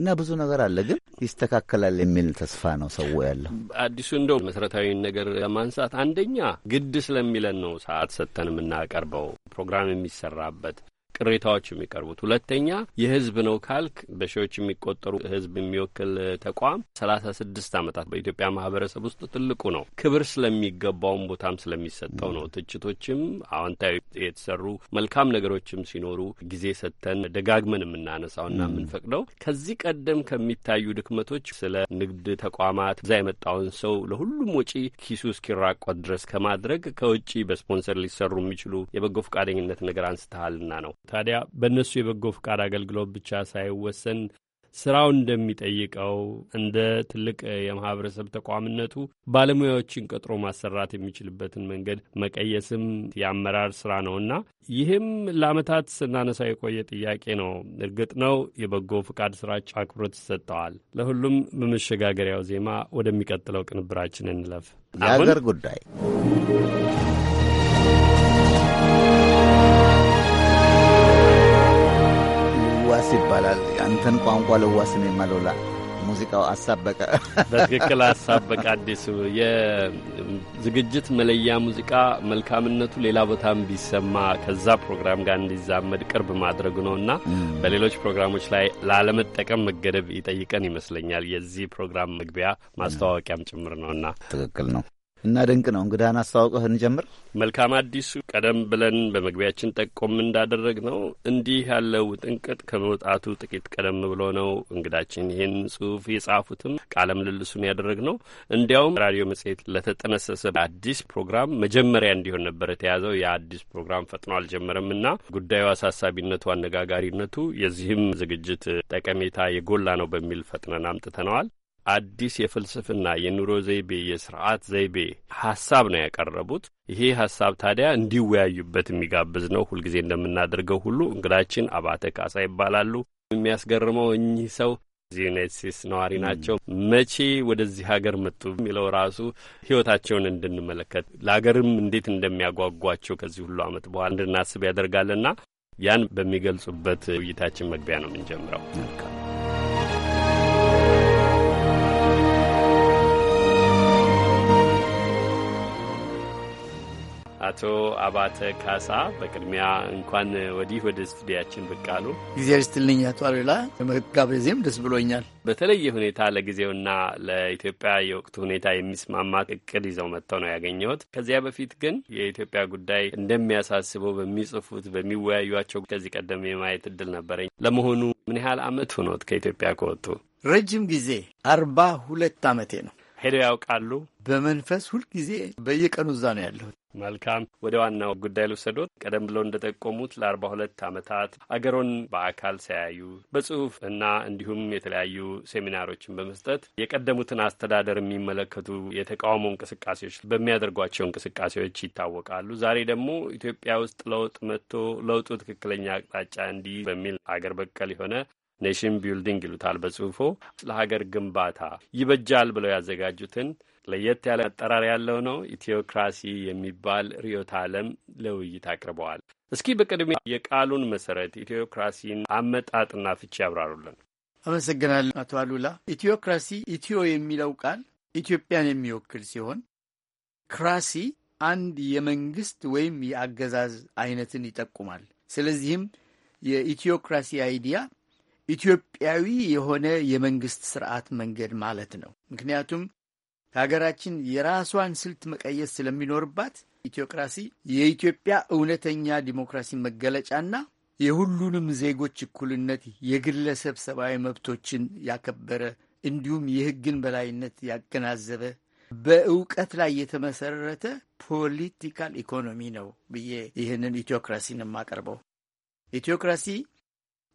እና ብዙ ነገር አለ፣ ግን ይስተካከላል የሚል ተስፋ ነው ሰው ያለው። አዲሱ እንደው መሰረታዊ ነገር ለማንሳት አንደኛ ግድ ስለሚለን ነው ሰዓት ሰጥተን የምናቀርበው ፕሮግራም የሚሰራበት ቅሬታዎች የሚቀርቡት። ሁለተኛ የህዝብ ነው ካልክ በሺዎች የሚቆጠሩ ህዝብ የሚወክል ተቋም ሰላሳ ስድስት ዓመታት በኢትዮጵያ ማህበረሰብ ውስጥ ትልቁ ነው። ክብር ስለሚገባውም ቦታም ስለሚሰጠው ነው። ትችቶችም አዎንታዊ የተሰሩ መልካም ነገሮችም ሲኖሩ ጊዜ ሰጥተን ደጋግመን የምናነሳውና የምንፈቅደው ከዚህ ቀደም ከሚታዩ ድክመቶች ስለ ንግድ ተቋማት እዛ የመጣውን ሰው ለሁሉም ወጪ ኪሱ እስኪራቆት ድረስ ከማድረግ ከውጭ በስፖንሰር ሊሰሩ የሚችሉ የበጎ ፈቃደኝነት ነገር አንስተሃልና ነው። ታዲያ በእነሱ የበጎ ፍቃድ አገልግሎት ብቻ ሳይወሰን ስራው እንደሚጠይቀው እንደ ትልቅ የማህበረሰብ ተቋምነቱ ባለሙያዎችን ቀጥሮ ማሰራት የሚችልበትን መንገድ መቀየስም የአመራር ስራ ነውና ይህም ለአመታት ስናነሳ የቆየ ጥያቄ ነው። እርግጥ ነው የበጎ ፍቃድ ስራቸው አክብሮት ይሰጠዋል። ለሁሉም በመሸጋገሪያው ዜማ ወደሚቀጥለው ቅንብራችን እንለፍ። የአገር ጉዳይ ለዋስ ይባላል። አንተን ቋንቋ ለዋስን የማለውላ ሙዚቃው አሳበቀ። በትክክል አሳበቀ። አዲሱ የዝግጅት መለያ ሙዚቃ መልካምነቱ ሌላ ቦታም ቢሰማ ከዛ ፕሮግራም ጋር እንዲዛመድ ቅርብ ማድረጉ ነው እና በሌሎች ፕሮግራሞች ላይ ላለመጠቀም መገደብ ይጠይቀን ይመስለኛል። የዚህ ፕሮግራም መግቢያ ማስተዋወቂያም ጭምር ነው እና ትክክል ነው። እና ድንቅ ነው። እንግዳህን አስተዋውቀህ እንጀምር። መልካም አዲሱ፣ ቀደም ብለን በመግቢያችን ጠቆም እንዳደረግ ነው እንዲህ ያለው ውጥንቅጥ ከመውጣቱ ጥቂት ቀደም ብሎ ነው እንግዳችን ይህን ጽሁፍ የጻፉትም ቃለ ምልልሱን ያደረግ ነው። እንዲያውም ራዲዮ መጽሔት ለተጠነሰሰ አዲስ ፕሮግራም መጀመሪያ እንዲሆን ነበር የተያዘው። የአዲስ ፕሮግራም ፈጥኖ አልጀመረም እና ጉዳዩ አሳሳቢነቱ፣ አነጋጋሪነቱ የዚህም ዝግጅት ጠቀሜታ የጎላ ነው በሚል ፈጥነን አምጥተነዋል። አዲስ የፍልስፍና የኑሮ ዘይቤ፣ የስርዓት ዘይቤ ሀሳብ ነው ያቀረቡት። ይሄ ሀሳብ ታዲያ እንዲወያዩበት የሚጋብዝ ነው። ሁልጊዜ እንደምናደርገው ሁሉ እንግዳችን አባተ ካሳ ይባላሉ። የሚያስገርመው እኚህ ሰው እዚህ ዩናይት ስቴትስ ነዋሪ ናቸው። መቼ ወደዚህ ሀገር መጡ የሚለው ራሱ ህይወታቸውን እንድንመለከት ለሀገርም እንዴት እንደሚያጓጓቸው ከዚህ ሁሉ ዓመት በኋላ እንድናስብ ያደርጋልና ያን በሚገልጹበት ውይይታችን መግቢያ ነው የምንጀምረው። አቶ አባተ ካሳ በቅድሚያ እንኳን ወዲህ ወደ ስቱዲያችን ብቅ አሉ። ጊዜ ስትልኝ አቶ አሉላ መጋበዜም ደስ ብሎኛል። በተለየ ሁኔታ ለጊዜውና ለኢትዮጵያ የወቅቱ ሁኔታ የሚስማማ እቅድ ይዘው መጥተው ነው ያገኘሁት። ከዚያ በፊት ግን የኢትዮጵያ ጉዳይ እንደሚያሳስበው በሚጽፉት በሚወያዩቸው ከዚህ ቀደም የማየት እድል ነበረኝ። ለመሆኑ ምን ያህል አመት ሆኖት ከኢትዮጵያ ከወጡ? ረጅም ጊዜ አርባ ሁለት አመቴ ነው። ሄደው ያውቃሉ? በመንፈስ ሁልጊዜ በየቀኑ እዛ ነው ያለሁት። መልካም ወደ ዋናው ጉዳይ ልውሰዶት። ቀደም ብለው እንደጠቆሙት ለአርባ ሁለት ዓመታት አገሮን በአካል ሳያዩ በጽሁፍ እና እንዲሁም የተለያዩ ሴሚናሮችን በመስጠት የቀደሙትን አስተዳደር የሚመለከቱ የተቃውሞ እንቅስቃሴዎች በሚያደርጓቸው እንቅስቃሴዎች ይታወቃሉ። ዛሬ ደግሞ ኢትዮጵያ ውስጥ ለውጥ መጥቶ ለውጡ ትክክለኛ አቅጣጫ እንዲህ በሚል አገር በቀል የሆነ ኔሽን ቢልዲንግ ይሉታል በጽሁፎ ለሀገር ግንባታ ይበጃል ብለው ያዘጋጁትን ለየት ያለ አጠራር ያለው ነው ኢትዮክራሲ የሚባል ርዕዮተ ዓለም ለውይይት አቅርበዋል። እስኪ በቅድሚያ የቃሉን መሰረት ኢትዮክራሲን አመጣጥና ፍቺ ያብራሩልን። አመሰግናለሁ አቶ አሉላ። ኢትዮክራሲ ኢትዮ የሚለው ቃል ኢትዮጵያን የሚወክል ሲሆን ክራሲ አንድ የመንግስት ወይም የአገዛዝ አይነትን ይጠቁማል። ስለዚህም የኢትዮክራሲ አይዲያ ኢትዮጵያዊ የሆነ የመንግስት ስርዓት መንገድ ማለት ነው። ምክንያቱም ሀገራችን የራሷን ስልት መቀየስ ስለሚኖርባት ኢትዮክራሲ የኢትዮጵያ እውነተኛ ዲሞክራሲ መገለጫና የሁሉንም ዜጎች እኩልነት፣ የግለሰብ ሰብአዊ መብቶችን ያከበረ እንዲሁም የሕግን በላይነት ያገናዘበ በእውቀት ላይ የተመሰረተ ፖለቲካል ኢኮኖሚ ነው ብዬ ይህንን ኢትዮክራሲን የማቀርበው ኢትዮክራሲ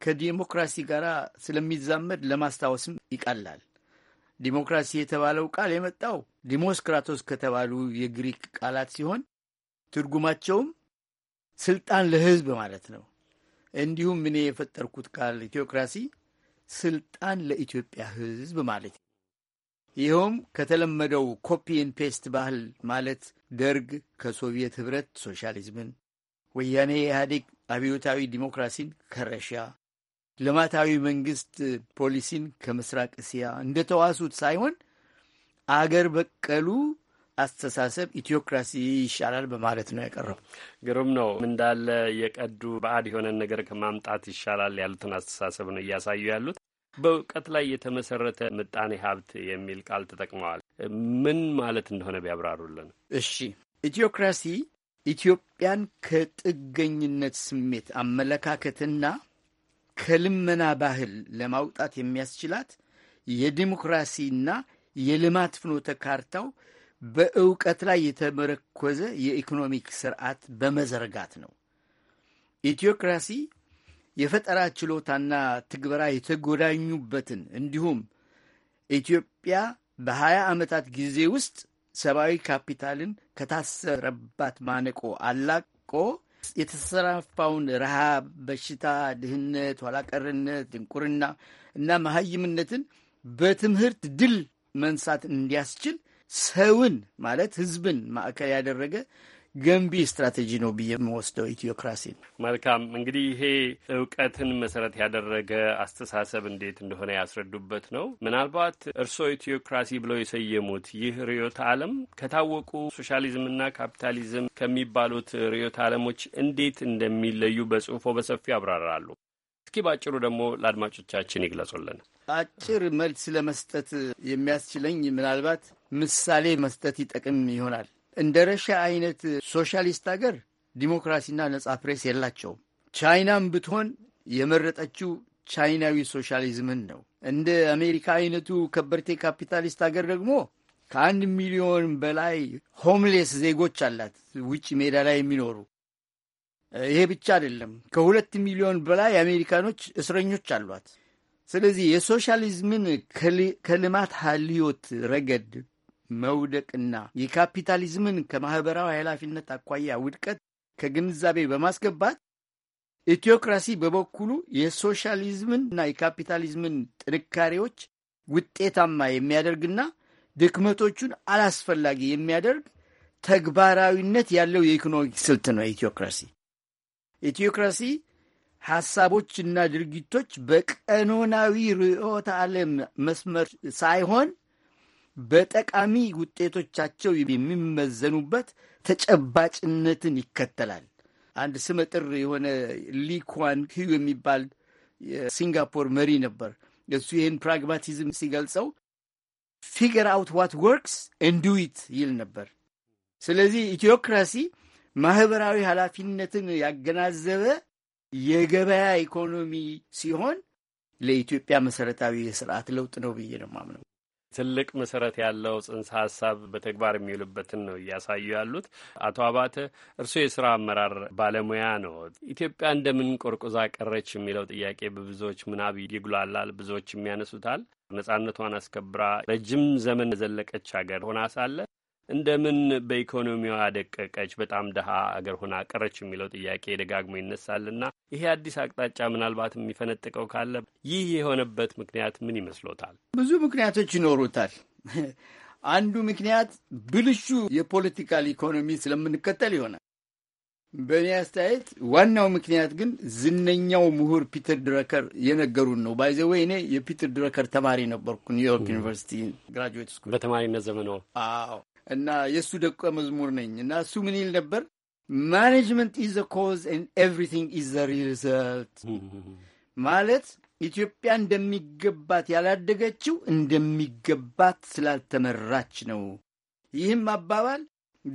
ከዲሞክራሲ ጋር ስለሚዛመድ ለማስታወስም ይቀላል። ዲሞክራሲ የተባለው ቃል የመጣው ዲሞስክራቶስ ከተባሉ የግሪክ ቃላት ሲሆን ትርጉማቸውም ስልጣን ለሕዝብ ማለት ነው። እንዲሁም እኔ የፈጠርኩት ቃል ኢትዮክራሲ ስልጣን ለኢትዮጵያ ሕዝብ ማለት ነው። ይኸውም ከተለመደው ኮፒን ፔስት ባህል ማለት ደርግ ከሶቪየት ኅብረት ሶሻሊዝምን፣ ወያኔ የኢህአዴግ አብዮታዊ ዲሞክራሲን ከረሻ ልማታዊ መንግስት ፖሊሲን ከምስራቅ እስያ እንደተዋሱት ሳይሆን አገር በቀሉ አስተሳሰብ ኢትዮክራሲ ይሻላል በማለት ነው ያቀረቡ። ግሩም ነው እንዳለ የቀዱ ባዕድ የሆነን ነገር ከማምጣት ይሻላል ያሉትን አስተሳሰብ ነው እያሳዩ ያሉት። በእውቀት ላይ የተመሰረተ ምጣኔ ሀብት የሚል ቃል ተጠቅመዋል። ምን ማለት እንደሆነ ቢያብራሩልን። እሺ፣ ኢትዮክራሲ ኢትዮጵያን ከጥገኝነት ስሜት አመለካከትና ከልመና ባህል ለማውጣት የሚያስችላት የዲሞክራሲና የልማት ፍኖተ ካርታው በእውቀት ላይ የተመረኮዘ የኢኮኖሚክ ስርዓት በመዘርጋት ነው። ኢትዮክራሲ የፈጠራ ችሎታና ትግበራ የተጎዳኙበትን እንዲሁም ኢትዮጵያ በሀያ ዓመታት ጊዜ ውስጥ ሰብአዊ ካፒታልን ከታሰረባት ማነቆ አላቆ የተሰራፋውን ረሃብ፣ በሽታ፣ ድህነት፣ ኋላቀርነት፣ ድንቁርና እና መሀይምነትን በትምህርት ድል መንሳት እንዲያስችል ሰውን ማለት ህዝብን ማዕከል ያደረገ ገንቢ ስትራቴጂ ነው ብዬ የምወስደው ኢትዮክራሲን። መልካም እንግዲህ ይሄ እውቀትን መሰረት ያደረገ አስተሳሰብ እንዴት እንደሆነ ያስረዱበት ነው። ምናልባት እርስዎ ኢትዮክራሲ ብለው የሰየሙት ይህ ርዕዮተ ዓለም ከታወቁ ሶሻሊዝምና ካፒታሊዝም ከሚባሉት ርዕዮተ ዓለሞች እንዴት እንደሚለዩ በጽሁፎ በሰፊ ያብራራሉ። እስኪ በአጭሩ ደግሞ ለአድማጮቻችን ይግለጹልን። አጭር መልስ ለመስጠት የሚያስችለኝ ምናልባት ምሳሌ መስጠት ይጠቅም ይሆናል። እንደ ረሻ አይነት ሶሻሊስት አገር ዲሞክራሲና ነጻ ፕሬስ የላቸውም። ቻይናም ብትሆን የመረጠችው ቻይናዊ ሶሻሊዝምን ነው። እንደ አሜሪካ አይነቱ ከበርቴ ካፒታሊስት አገር ደግሞ ከአንድ ሚሊዮን በላይ ሆምሌስ ዜጎች አላት ውጭ ሜዳ ላይ የሚኖሩ። ይሄ ብቻ አይደለም፣ ከሁለት ሚሊዮን በላይ አሜሪካኖች እስረኞች አሏት። ስለዚህ የሶሻሊዝምን ከልማት ሀልዮት ረገድ መውደቅና የካፒታሊዝምን ከማኅበራዊ ኃላፊነት አኳያ ውድቀት ከግንዛቤ በማስገባት ኢትዮክራሲ በበኩሉ የሶሻሊዝምንና የካፒታሊዝምን ጥንካሬዎች ውጤታማ የሚያደርግና ድክመቶቹን አላስፈላጊ የሚያደርግ ተግባራዊነት ያለው የኢኮኖሚክ ስልት ነው። ኢትዮክራሲ ኢትዮክራሲ ሐሳቦችና ድርጊቶች በቀኖናዊ ርዕዮተ ዓለም መስመር ሳይሆን በጠቃሚ ውጤቶቻቸው የሚመዘኑበት ተጨባጭነትን ይከተላል። አንድ ስመጥር የሆነ ሊኳን ሂዩ የሚባል የሲንጋፖር መሪ ነበር። እሱ ይህን ፕራግማቲዝም ሲገልጸው ፊገር አውት ዋት ወርክስ እንዱዊት ይል ነበር። ስለዚህ ኢትዮክራሲ ማህበራዊ ኃላፊነትን ያገናዘበ የገበያ ኢኮኖሚ ሲሆን ለኢትዮጵያ መሰረታዊ የስርዓት ለውጥ ነው ብዬ ነው የማምነው። ትልቅ መሰረት ያለው ጽንሰ ሀሳብ በተግባር የሚውልበትን ነው እያሳዩ ያሉት። አቶ አባተ እርስዎ የስራ አመራር ባለሙያ ነው። ኢትዮጵያ እንደምን ቆርቁዛ ቀረች የሚለው ጥያቄ በብዙዎች ምናብ ይጉላላል፣ ብዙዎች ያነሱታል። ነጻነቷን አስከብራ ረጅም ዘመን የዘለቀች ሀገር ሆና ሳለ እንደምን በኢኮኖሚዋ ያደቀቀች በጣም ድሀ አገር ሆና ቀረች የሚለው ጥያቄ ደጋግሞ ይነሳልና ይሄ አዲስ አቅጣጫ ምናልባት የሚፈነጥቀው ካለ ይህ የሆነበት ምክንያት ምን ይመስሎታል? ብዙ ምክንያቶች ይኖሩታል። አንዱ ምክንያት ብልሹ የፖለቲካል ኢኮኖሚ ስለምንከተል ይሆናል። በእኔ አስተያየት ዋናው ምክንያት ግን ዝነኛው ምሁር ፒተር ድረከር የነገሩን ነው። ባይዘ ወይ እኔ የፒተር ድረከር ተማሪ ነበርኩ ኒውዮርክ ዩኒቨርሲቲ ግራጁዌት ስኩል በተማሪነት ዘመኖ። አዎ እና የእሱ ደቀ መዝሙር ነኝ እና እሱ ምን ይል ነበር? ማኔጅመንት ኢዘ ኮዝ ኤንድ ኤቭሪቲንግ ኢዘ ሪዘልት ማለት ኢትዮጵያ እንደሚገባት ያላደገችው እንደሚገባት ስላልተመራች ነው። ይህም አባባል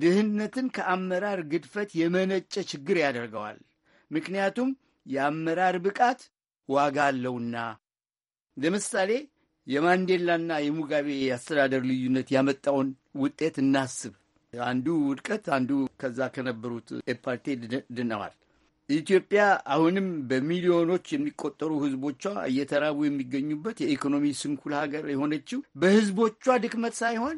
ድህነትን ከአመራር ግድፈት የመነጨ ችግር ያደርገዋል። ምክንያቱም የአመራር ብቃት ዋጋ አለውና። ለምሳሌ የማንዴላና የሙጋቤ አስተዳደር ልዩነት ያመጣውን ውጤት እናስብ። አንዱ ውድቀት፣ አንዱ ከዛ ከነበሩት ኤፓርቴ ድነዋል። ኢትዮጵያ አሁንም በሚሊዮኖች የሚቆጠሩ ህዝቦቿ እየተራቡ የሚገኙበት የኢኮኖሚ ስንኩል ሀገር የሆነችው በህዝቦቿ ድክመት ሳይሆን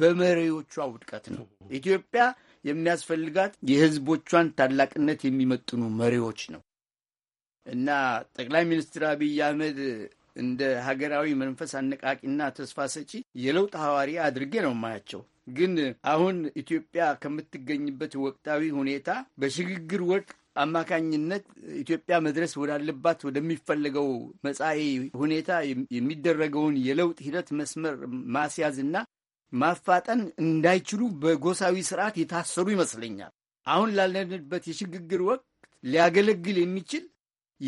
በመሪዎቿ ውድቀት ነው። ኢትዮጵያ የሚያስፈልጋት የህዝቦቿን ታላቅነት የሚመጥኑ መሪዎች ነው እና ጠቅላይ ሚኒስትር አብይ አህመድ እንደ ሀገራዊ መንፈስ አነቃቂና ተስፋ ሰጪ የለውጥ ሐዋሪ አድርጌ ነው ማያቸው። ግን አሁን ኢትዮጵያ ከምትገኝበት ወቅታዊ ሁኔታ በሽግግር ወቅት አማካኝነት ኢትዮጵያ መድረስ ወዳለባት ወደሚፈለገው መጻኢ ሁኔታ የሚደረገውን የለውጥ ሂደት መስመር ማስያዝና ማፋጠን እንዳይችሉ በጎሳዊ ስርዓት የታሰሩ ይመስለኛል። አሁን ላለንበት የሽግግር ወቅት ሊያገለግል የሚችል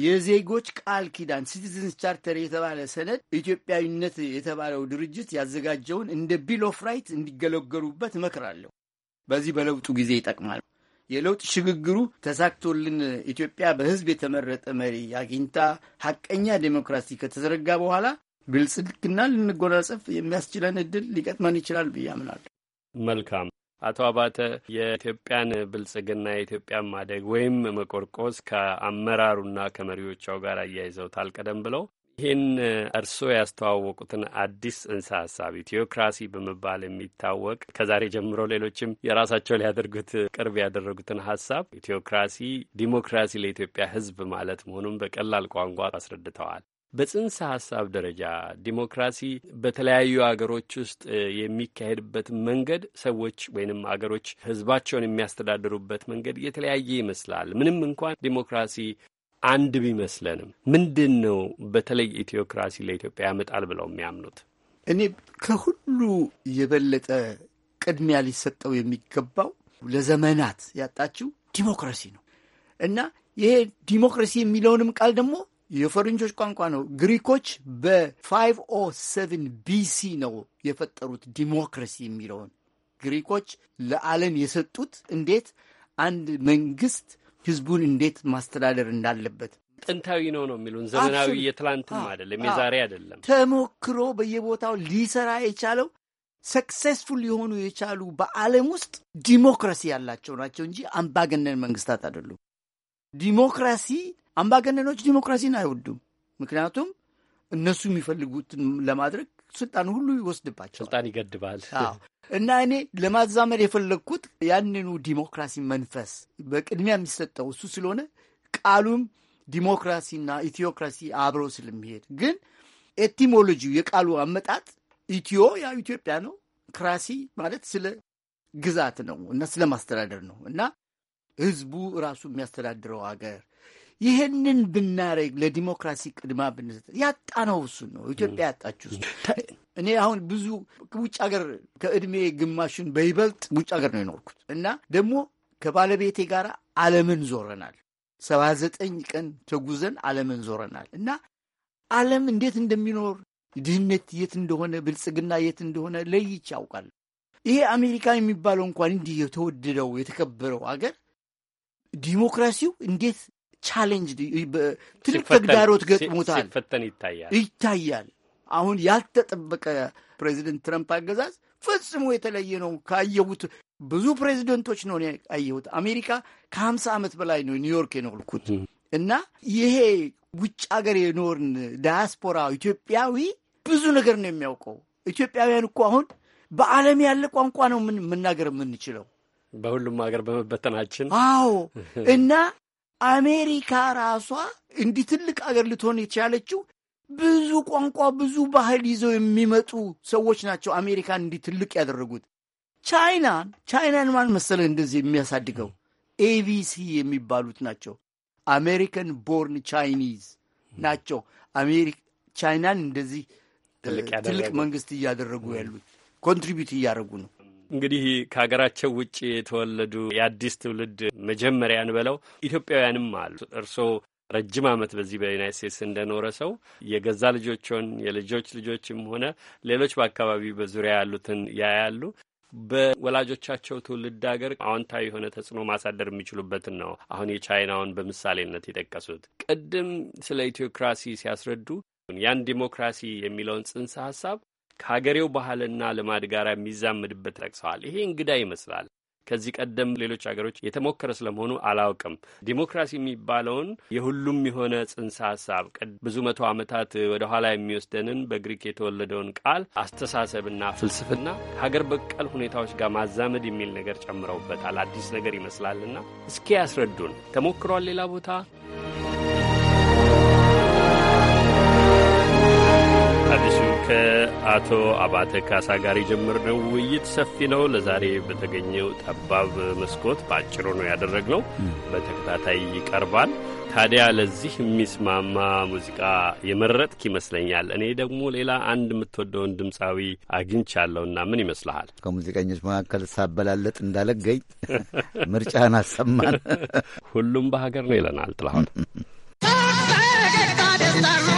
የዜጎች ቃል ኪዳን ሲቲዝንስ ቻርተር የተባለ ሰነድ ኢትዮጵያዊነት የተባለው ድርጅት ያዘጋጀውን እንደ ቢል ኦፍ ራይት እንዲገለገሉበት እመክራለሁ። በዚህ በለውጡ ጊዜ ይጠቅማል። የለውጥ ሽግግሩ ተሳክቶልን ኢትዮጵያ በሕዝብ የተመረጠ መሪ አግኝታ ሐቀኛ ዴሞክራሲ ከተዘረጋ በኋላ ብልጽግና ልንጎናጸፍ የሚያስችለን እድል ሊቀጥመን ይችላል ብዬ አምናለሁ። መልካም አቶ አባተ የኢትዮጵያን ብልጽግና የኢትዮጵያን ማደግ ወይም መቆርቆስ ከአመራሩና ከመሪዎቿው ጋር አያይዘውታል። ቀደም ብለው ይህን እርስዎ ያስተዋወቁትን አዲስ ጽንሰ ሀሳብ ኢትዮክራሲ በመባል የሚታወቅ ከዛሬ ጀምሮ ሌሎችም የራሳቸው ሊያደርጉት ቅርብ ያደረጉትን ሀሳብ ኢትዮክራሲ ዲሞክራሲ ለኢትዮጵያ ሕዝብ ማለት መሆኑን በቀላል ቋንቋ አስረድተዋል። በጽንሰ ሀሳብ ደረጃ ዲሞክራሲ በተለያዩ አገሮች ውስጥ የሚካሄድበት መንገድ ሰዎች ወይንም አገሮች ህዝባቸውን የሚያስተዳድሩበት መንገድ የተለያየ ይመስላል። ምንም እንኳን ዲሞክራሲ አንድ ቢመስለንም ምንድን ነው በተለይ ኢትዮክራሲ ለኢትዮጵያ ያመጣል ብለው የሚያምኑት? እኔ ከሁሉ የበለጠ ቅድሚያ ሊሰጠው የሚገባው ለዘመናት ያጣችው ዲሞክራሲ ነው እና ይሄ ዲሞክራሲ የሚለውንም ቃል ደግሞ የፈረንጆች ቋንቋ ነው። ግሪኮች በ ኦ ቢሲ ነው የፈጠሩት ዲሞክራሲ የሚለውን ግሪኮች ለዓለም የሰጡት እንዴት አንድ መንግስት ህዝቡን እንዴት ማስተዳደር እንዳለበት ጥንታዊ ነው ነው የሚሉን ዘመናዊ የትላንትም አይደለም የዛሬ አይደለም። ተሞክሮ በየቦታው ሊሰራ የቻለው ሰክሴስፉል ሊሆኑ የቻሉ በዓለም ውስጥ ዲሞክራሲ ያላቸው ናቸው እንጂ አምባገነን መንግስታት አይደሉም። ዲሞክራሲ አምባገነኖች ዲሞክራሲን አይወዱም። ምክንያቱም እነሱ የሚፈልጉትን ለማድረግ ስልጣን ሁሉ ይወስድባቸዋል፣ ስልጣን ይገድባል። እና እኔ ለማዛመድ የፈለግኩት ያንኑ ዲሞክራሲ መንፈስ በቅድሚያ የሚሰጠው እሱ ስለሆነ ቃሉም ዲሞክራሲና ኢትዮክራሲ አብሮ ስለሚሄድ ግን ኤቲሞሎጂው የቃሉ አመጣጥ ኢትዮ ያ ኢትዮጵያ ነው። ክራሲ ማለት ስለ ግዛት ነው እና ስለ ማስተዳደር ነው እና ህዝቡ ራሱ የሚያስተዳድረው ሀገር ይህንን ብናረግ ለዲሞክራሲ ቅድማ ብንሰጥ ያጣነው እሱን ነው። ኢትዮጵያ ያጣችው እኔ አሁን ብዙ ውጭ ሀገር ከእድሜ ግማሽን በይበልጥ ውጭ ሀገር ነው የኖርኩት እና ደግሞ ከባለቤቴ ጋር ዓለምን ዞረናል። ሰባ ዘጠኝ ቀን ተጉዘን ዓለምን ዞረናል እና ዓለም እንዴት እንደሚኖር ድህነት የት እንደሆነ ብልጽግና የት እንደሆነ ለይቼ ያውቃል። ይሄ አሜሪካ የሚባለው እንኳን እንዲህ የተወደደው የተከበረው ሀገር ዲሞክራሲው እንዴት ቻሌንጅ ትልቅ ተግዳሮት ገጥሞታል፣ ሲፈተን ይታያል ይታያል። አሁን ያልተጠበቀ ፕሬዚደንት ትረምፕ አገዛዝ ፈጽሞ የተለየ ነው። ካየሁት ብዙ ፕሬዚደንቶች ነው ያየሁት። አሜሪካ ከሀምሳ ዓመት በላይ ነው ኒውዮርክ የኖርኩት እና ይሄ ውጭ ሀገር የኖርን ዳያስፖራ ኢትዮጵያዊ ብዙ ነገር ነው የሚያውቀው። ኢትዮጵያውያን እኮ አሁን በዓለም ያለ ቋንቋ ነው ምን መናገር የምንችለው በሁሉም ሀገር በመበተናችን። አዎ [laughs] እና አሜሪካ ራሷ እንዲህ ትልቅ አገር ልትሆን የቻለችው ብዙ ቋንቋ፣ ብዙ ባህል ይዘው የሚመጡ ሰዎች ናቸው አሜሪካን እንዲህ ትልቅ ያደረጉት። ቻይናን ቻይናን ማን መሰለ እንደዚህ የሚያሳድገው ኤቢሲ የሚባሉት ናቸው። አሜሪካን ቦርን ቻይኒዝ ናቸው። ቻይናን እንደዚህ ትልቅ መንግስት እያደረጉ ያሉት ኮንትሪቢዩት እያደረጉ ነው። እንግዲህ ከሀገራቸው ውጭ የተወለዱ የአዲስ ትውልድ መጀመሪያን ብለው ኢትዮጵያውያንም አሉ። እርስዎ ረጅም ዓመት በዚህ በዩናይት ስቴትስ እንደኖረ ሰው የገዛ ልጆችን የልጆች ልጆችም ሆነ ሌሎች በአካባቢ በዙሪያ ያሉትን ያያሉ። በወላጆቻቸው ትውልድ ሀገር አዎንታዊ የሆነ ተጽዕኖ ማሳደር የሚችሉበትን ነው። አሁን የቻይናውን በምሳሌነት የጠቀሱት ቅድም ስለ ኢትዮክራሲ ሲያስረዱ ያን ዲሞክራሲ የሚለውን ጽንሰ ሀሳብ ከሀገሬው ባህልና ልማድ ጋር የሚዛመድበት ጠቅሰዋል። ይሄ እንግዳ ይመስላል። ከዚህ ቀደም ሌሎች ሀገሮች የተሞከረ ስለመሆኑ አላውቅም። ዲሞክራሲ የሚባለውን የሁሉም የሆነ ጽንሰ ሀሳብ ብዙ መቶ ዓመታት ወደኋላ የሚወስደንን በግሪክ የተወለደውን ቃል አስተሳሰብና ፍልስፍና ሀገር በቀል ሁኔታዎች ጋር ማዛመድ የሚል ነገር ጨምረውበታል። አዲስ ነገር ይመስላልና እስኪ ያስረዱን። ተሞክሯል ሌላ ቦታ አቶ አባተ ካሳ ጋር የጀመርነው ውይይት ሰፊ ነው። ለዛሬ በተገኘው ጠባብ መስኮት በአጭሩ ነው ያደረግነው። በተከታታይ ይቀርባል። ታዲያ ለዚህ የሚስማማ ሙዚቃ የመረጥክ ይመስለኛል። እኔ ደግሞ ሌላ አንድ የምትወደውን ድምፃዊ አግኝቻለሁና ምን ይመስልሃል? ከሙዚቀኞች መካከል ሳበላለጥ እንዳለገኝ ምርጫን አሰማን። ሁሉም በሀገር ነው ይለናል ጥላሁን [laughs]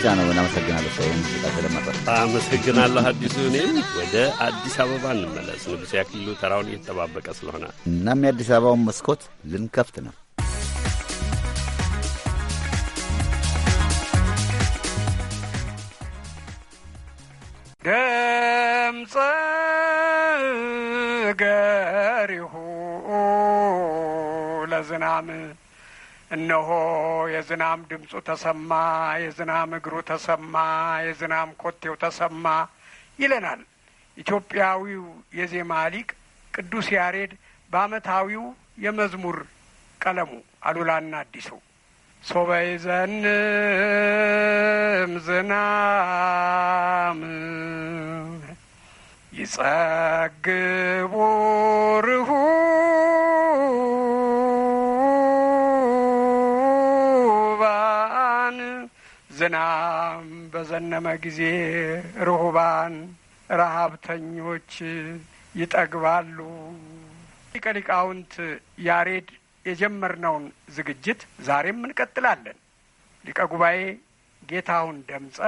ብቻ ነው። እናመሰግናለሁ። ሰው ሙዚቃ ስለመረ አመሰግናለሁ። አዲሱ እኔ ወደ አዲስ አበባ እንመለስ። ንጉሥ ያክሉ ተራውን እየተጠባበቀ ስለሆነ እናም የአዲስ አበባውን መስኮት ልንከፍት ነው። ደምፀ ገሪሁ ለዝናም እነሆ የዝናም ድምፁ ተሰማ፣ የዝናም እግሩ ተሰማ፣ የዝናም ኮቴው ተሰማ ይለናል ኢትዮጵያዊው የዜማ ሊቅ ቅዱስ ያሬድ በዓመታዊው የመዝሙር ቀለሙ አሉላና አዲሱ ሶበይ ዘንም ዝናም ይጸግቡርሁ ዝናም በዘነመ ጊዜ ርሁባን ረሀብተኞች ይጠግባሉ። ሊቀ ሊቃውንት ያሬድ የጀመርነውን ዝግጅት ዛሬም እንቀጥላለን። ሊቀ ጉባኤ ጌታሁን ደምጸ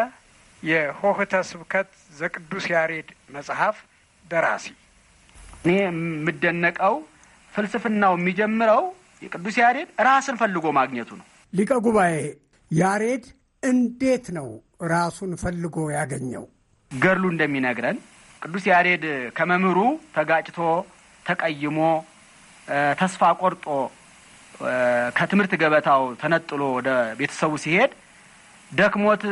የሆህተ ስብከት ዘቅዱስ ያሬድ መጽሐፍ ደራሲ። እኔ የምደነቀው ፍልስፍናው የሚጀምረው የቅዱስ ያሬድ ራስን ፈልጎ ማግኘቱ ነው። ሊቀ ጉባኤ ያሬድ እንዴት ነው ራሱን ፈልጎ ያገኘው? ገድሉ እንደሚነግረን ቅዱስ ያሬድ ከመምህሩ ተጋጭቶ ተቀይሞ ተስፋ ቆርጦ ከትምህርት ገበታው ተነጥሎ ወደ ቤተሰቡ ሲሄድ ደክሞት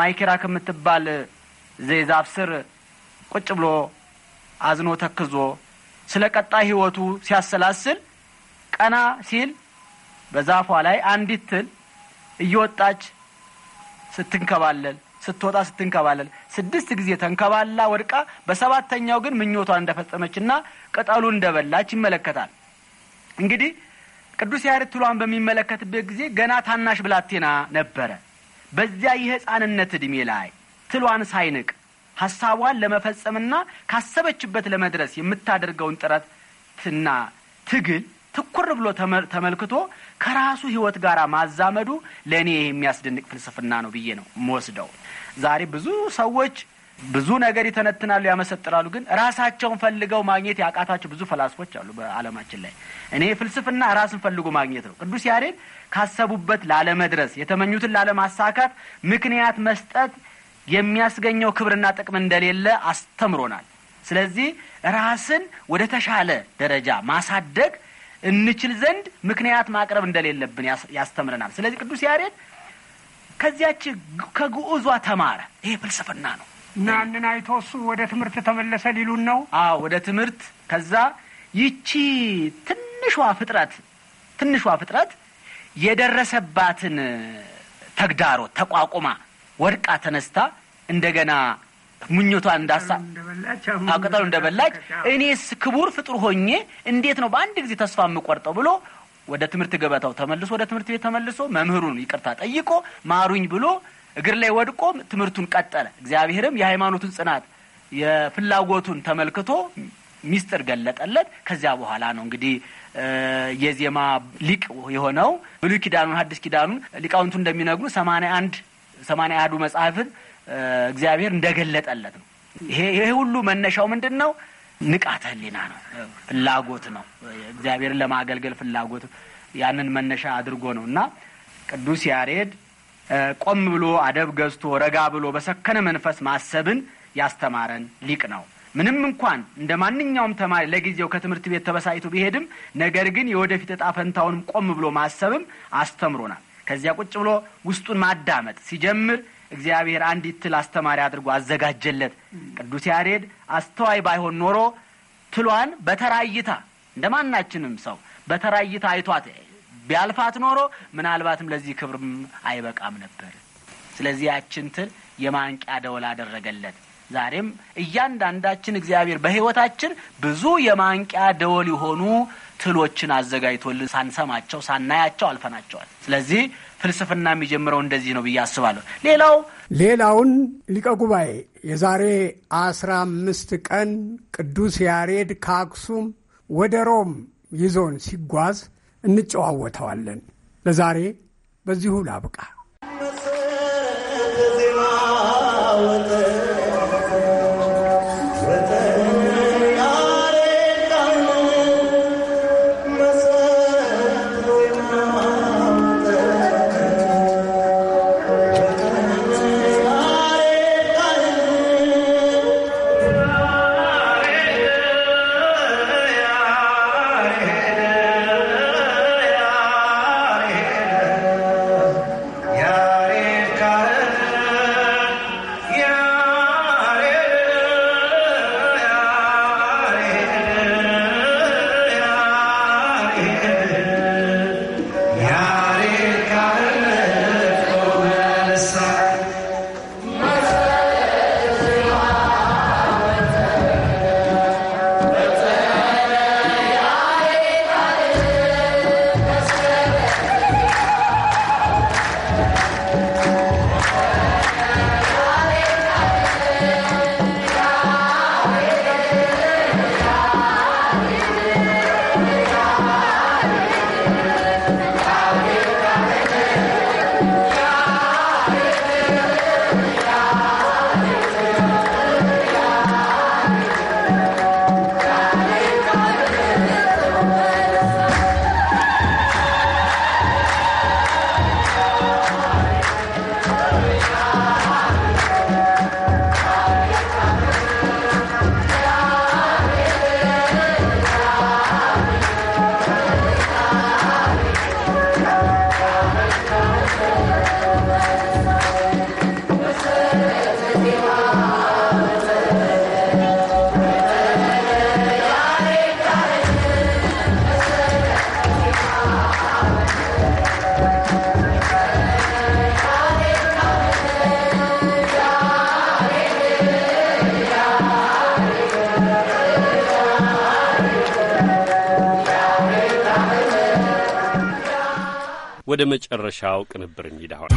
ማይኬራ ከምትባል ዘይዛፍ ስር ቁጭ ብሎ አዝኖ ተክዞ ስለ ቀጣይ ሕይወቱ ሲያሰላስል ቀና ሲል በዛፏ ላይ አንዲት ትል እየወጣች ስትንከባለል ስትወጣ ስትንከባለል ስድስት ጊዜ ተንከባላ ወድቃ በሰባተኛው ግን ምኞቷን እንደፈጸመችና ቅጠሉ እንደበላች ይመለከታል። እንግዲህ ቅዱስ ያሬድ ትሏን በሚመለከትበት ጊዜ ገና ታናሽ ብላቴና ነበረ። በዚያ የሕፃንነት ዕድሜ ላይ ትሏን ሳይንቅ ሐሳቧን ለመፈጸምና ካሰበችበት ለመድረስ የምታደርገውን ጥረትና ትግል ትኩር ብሎ ተመልክቶ ከራሱ ህይወት ጋር ማዛመዱ ለእኔ የሚያስደንቅ ፍልስፍና ነው ብዬ ነው የምወስደው። ዛሬ ብዙ ሰዎች ብዙ ነገር ይተነትናሉ፣ ያመሰጥራሉ። ግን ራሳቸውን ፈልገው ማግኘት ያቃታቸው ብዙ ፈላስፎች አሉ በዓለማችን ላይ። እኔ ፍልስፍና ራስን ፈልጎ ማግኘት ነው። ቅዱስ ያሬድ ካሰቡበት ላለመድረስ፣ የተመኙትን ላለማሳካት ምክንያት መስጠት የሚያስገኘው ክብርና ጥቅም እንደሌለ አስተምሮናል። ስለዚህ ራስን ወደ ተሻለ ደረጃ ማሳደግ እንችል ዘንድ ምክንያት ማቅረብ እንደሌለብን ያስተምረናል። ስለዚህ ቅዱስ ያሬድ ከዚያች ከግዑዟ ተማረ። ይሄ ፍልስፍና ነው እና አይቶ እሱ ወደ ትምህርት ተመለሰ ሊሉን ነው? አዎ ወደ ትምህርት። ከዛ ይቺ ትንሿ ፍጥረት ትንሿ ፍጥረት የደረሰባትን ተግዳሮት ተቋቁማ ወድቃ ተነስታ እንደገና ምኞቷ እንዳሳ ቅጠሉ እንደበላች እኔስ ክቡር ፍጡር ሆኜ እንዴት ነው በአንድ ጊዜ ተስፋ የምቆርጠው ብሎ ወደ ትምህርት ገበታው ተመልሶ ወደ ትምህርት ቤት ተመልሶ መምህሩን ይቅርታ ጠይቆ ማሩኝ ብሎ እግር ላይ ወድቆ ትምህርቱን ቀጠለ። እግዚአብሔርም የሃይማኖቱን ጽናት የፍላጎቱን ተመልክቶ ሚስጥር ገለጠለት። ከዚያ በኋላ ነው እንግዲህ የዜማ ሊቅ የሆነው ብሉይ ኪዳኑን፣ ሐዲስ ኪዳኑን ሊቃውንቱ እንደሚነግሩ ሰማንያ አንድ ሰማንያ አሐዱ መጽሐፍን እግዚአብሔር እንደገለጠለት ነው። ይሄ ሁሉ መነሻው ምንድን ነው? ንቃተ ህሊና ነው፣ ፍላጎት ነው። እግዚአብሔርን ለማገልገል ፍላጎት ያንን መነሻ አድርጎ ነው እና ቅዱስ ያሬድ ቆም ብሎ አደብ ገዝቶ ረጋ ብሎ በሰከነ መንፈስ ማሰብን ያስተማረን ሊቅ ነው። ምንም እንኳን እንደ ማንኛውም ተማሪ ለጊዜው ከትምህርት ቤት ተበሳይቶ ቢሄድም ነገር ግን የወደፊት እጣ ፈንታውንም ቆም ብሎ ማሰብም አስተምሮናል። ከዚያ ቁጭ ብሎ ውስጡን ማዳመጥ ሲጀምር እግዚአብሔር አንዲት ትል አስተማሪ አድርጎ አዘጋጀለት። ቅዱስ ያሬድ አስተዋይ ባይሆን ኖሮ ትሏን በተራይታ እንደ ማናችንም ሰው በተራይታ አይቷት ቢያልፋት ኖሮ ምናልባትም ለዚህ ክብርም አይበቃም ነበር። ስለዚህ ያችን ትል የማንቂያ ደወል አደረገለት። ዛሬም እያንዳንዳችን እግዚአብሔር በሕይወታችን ብዙ የማንቂያ ደወል የሆኑ ትሎችን አዘጋጅቶልን ሳንሰማቸው ሳናያቸው አልፈናቸዋል። ስለዚህ ፍልስፍና የሚጀምረው እንደዚህ ነው ብዬ አስባለሁ። ሌላው ሌላውን ሊቀ ጉባኤ የዛሬ አስራ አምስት ቀን ቅዱስ ያሬድ ከአክሱም ወደ ሮም ይዞን ሲጓዝ እንጨዋወተዋለን። ለዛሬ በዚሁ ላብቃ። ወደ መጨረሻው ቅንብር እንሂድ አሁን።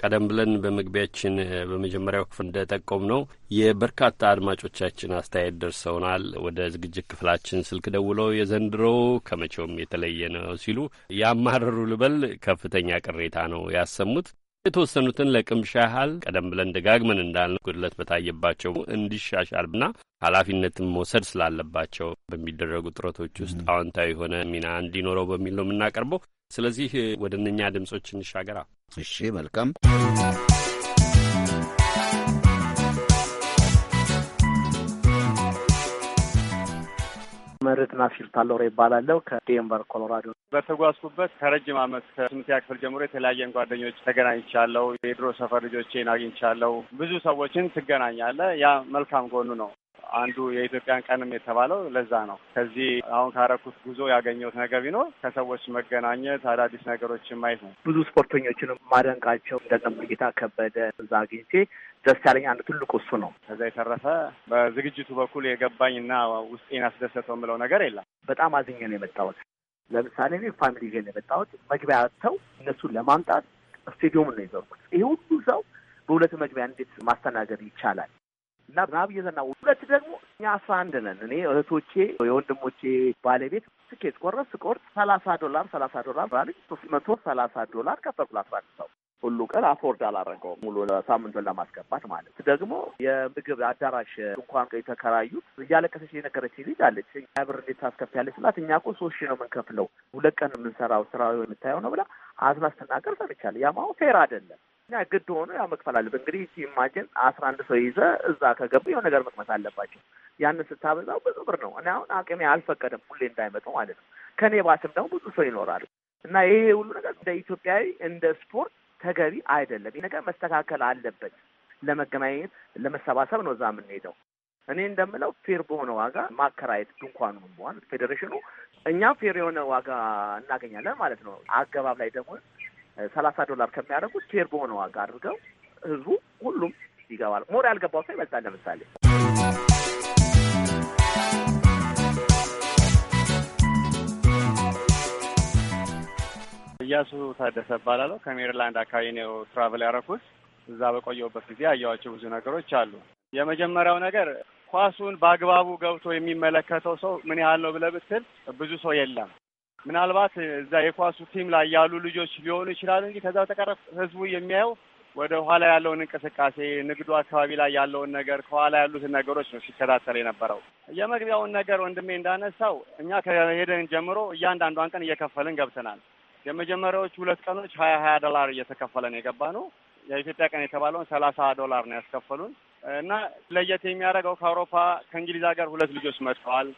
ቀደም ብለን በመግቢያችን በመጀመሪያው ክፍል እንደ ጠቆም ነው የበርካታ አድማጮቻችን አስተያየት ደርሰውናል። ወደ ዝግጅት ክፍላችን ስልክ ደውለው የዘንድሮ ከመቼውም የተለየ ነው ሲሉ ያማረሩ ልበል ከፍተኛ ቅሬታ ነው ያሰሙት። የተወሰኑትን ለቅምሻ ያህል ቀደም ብለን ደጋግመን እንዳልነው ጉድለት በታየባቸው እንዲሻሻልና ኃላፊነትን መውሰድ ስላለባቸው በሚደረጉ ጥረቶች ውስጥ አዎንታዊ የሆነ ሚና እንዲኖረው በሚል ነው የምናቀርበው። ስለዚህ ወደ እነኛ ድምጾች እንሻገራ። እሺ፣ መልካም መርት ናሲል ታለወር ይባላለሁ። ከዴንቨር ኮሎራዶ በተጓዝኩበት ከረጅም ዓመት ከስምንተኛ ክፍል ጀምሮ የተለያየን ጓደኞች ተገናኝቻለሁ። የድሮ ሰፈር ልጆቼን አግኝቻለሁ። ብዙ ሰዎችን ትገናኛለህ። ያ መልካም ጎኑ ነው። አንዱ የኢትዮጵያን ቀንም የተባለው ለዛ ነው። ከዚህ አሁን ካረኩት ጉዞ ያገኘሁት ነገር ቢኖር ከሰዎች መገናኘት፣ አዳዲስ ነገሮችን ማየት ነው። ብዙ ስፖርተኞችንም ማደንቃቸው እንደነ ሙሉጌታ ከበደ እዛ አግኝቼ ደስ ያለኝ አንድ ትልቁ እሱ ነው። ከዛ የተረፈ በዝግጅቱ በኩል የገባኝና ውስጤን አስደሰተው የምለው ነገር የለም። በጣም አዝኜ ነው የመጣሁት። ለምሳሌ እኔ ፋሚሊ ይዤ ነው የመጣሁት። መግቢያ ተው እነሱን ለማምጣት ስቴዲየሙን ነው የዘርኩት። ይሄ ሁሉ ሰው በሁለት መግቢያ እንዴት ማስተናገድ ይቻላል? እና ዝናብ እየዘነበ ሁለት ደግሞ እኛ አስራ አንድ ነን። እኔ እህቶቼ፣ የወንድሞቼ ባለቤት ትኬት ቆረጥ ስቆርጥ ሰላሳ ዶላር ሰላሳ ዶላር ባለች ሶስት መቶ ሰላሳ ዶላር ከፈልኩ ለአስራ አንድ ሰው ሁሉ ቀን አፎርድ አላረገው ሙሉ ሳምንቱን ለማስገባት ማለት ደግሞ የምግብ አዳራሽ እንኳን የተከራዩት እያለቀሰች የነገረች ልጅ አለች። ሀያ ብር እንዴት ታስከፍያለች ስላት እኛ እኮ ሶስት ሺህ ነው የምንከፍለው ሁለት ቀን የምንሰራው ስራ የምታየው ነው ብላ አዝና ስትናገር ሰምቻለሁ። ያም አሁን ፌር አይደለም። እኛ ግድ ሆኖ ያ መክፈል አለብን። እንግዲህ ኢማጅን አስራ አንድ ሰው ይዘ እዛ ከገቡ የሆነ ነገር መቅመስ አለባቸው። ያንን ስታበዛው ብዙ ብር ነው። እኔ አሁን አቅሜ አልፈቀደም ሁሌ እንዳይመጡ ማለት ነው። ከኔ ባስም ደግሞ ብዙ ሰው ይኖራል እና ይሄ ሁሉ ነገር እንደ ኢትዮጵያዊ እንደ ስፖርት ተገቢ አይደለም። ይህ ነገር መስተካከል አለበት። ለመገናኘት ለመሰባሰብ ነው እዛ የምንሄደው። እኔ እንደምለው ፌር በሆነ ዋጋ ማከራየት ድንኳኑ በኋላ ፌዴሬሽኑ እኛ ፌር የሆነ ዋጋ እናገኛለን ማለት ነው። አገባብ ላይ ደግሞ ሰላሳ ዶላር ከሚያደርጉት ፌር በሆነ ዋጋ አድርገው ህዝቡ ሁሉም ይገባል። ሞር ያልገባው ሰው ይበልጣል። ለምሳሌ እያሱ ታደሰ እባላለሁ። ከሜሪላንድ አካባቢ ነው ትራቭል ያረኩት። እዛ በቆየሁበት ጊዜ ያየኋቸው ብዙ ነገሮች አሉ። የመጀመሪያው ነገር ኳሱን በአግባቡ ገብቶ የሚመለከተው ሰው ምን ያህል ነው ብለህ ብትል ብዙ ሰው የለም። ምናልባት እዛ የኳሱ ቲም ላይ ያሉ ልጆች ሊሆኑ ይችላሉ እንጂ ከዛ በተቀረ ህዝቡ የሚያየው ወደ ኋላ ያለውን እንቅስቃሴ፣ ንግዱ አካባቢ ላይ ያለውን ነገር፣ ከኋላ ያሉትን ነገሮች ነው ሲከታተል የነበረው። የመግቢያውን ነገር ወንድሜ እንዳነሳው እኛ ከሄደን ጀምሮ እያንዳንዷን ቀን እየከፈልን ገብተናል። የመጀመሪያዎቹ ሁለት ቀኖች ሀያ ሀያ ዶላር እየተከፈለን የገባ ነው። የኢትዮጵያ ቀን የተባለውን ሰላሳ ዶላር ነው ያስከፈሉን እና ለየት የሚያደርገው ከአውሮፓ ከእንግሊዝ ሀገር ሁለት ልጆች መጥተዋል።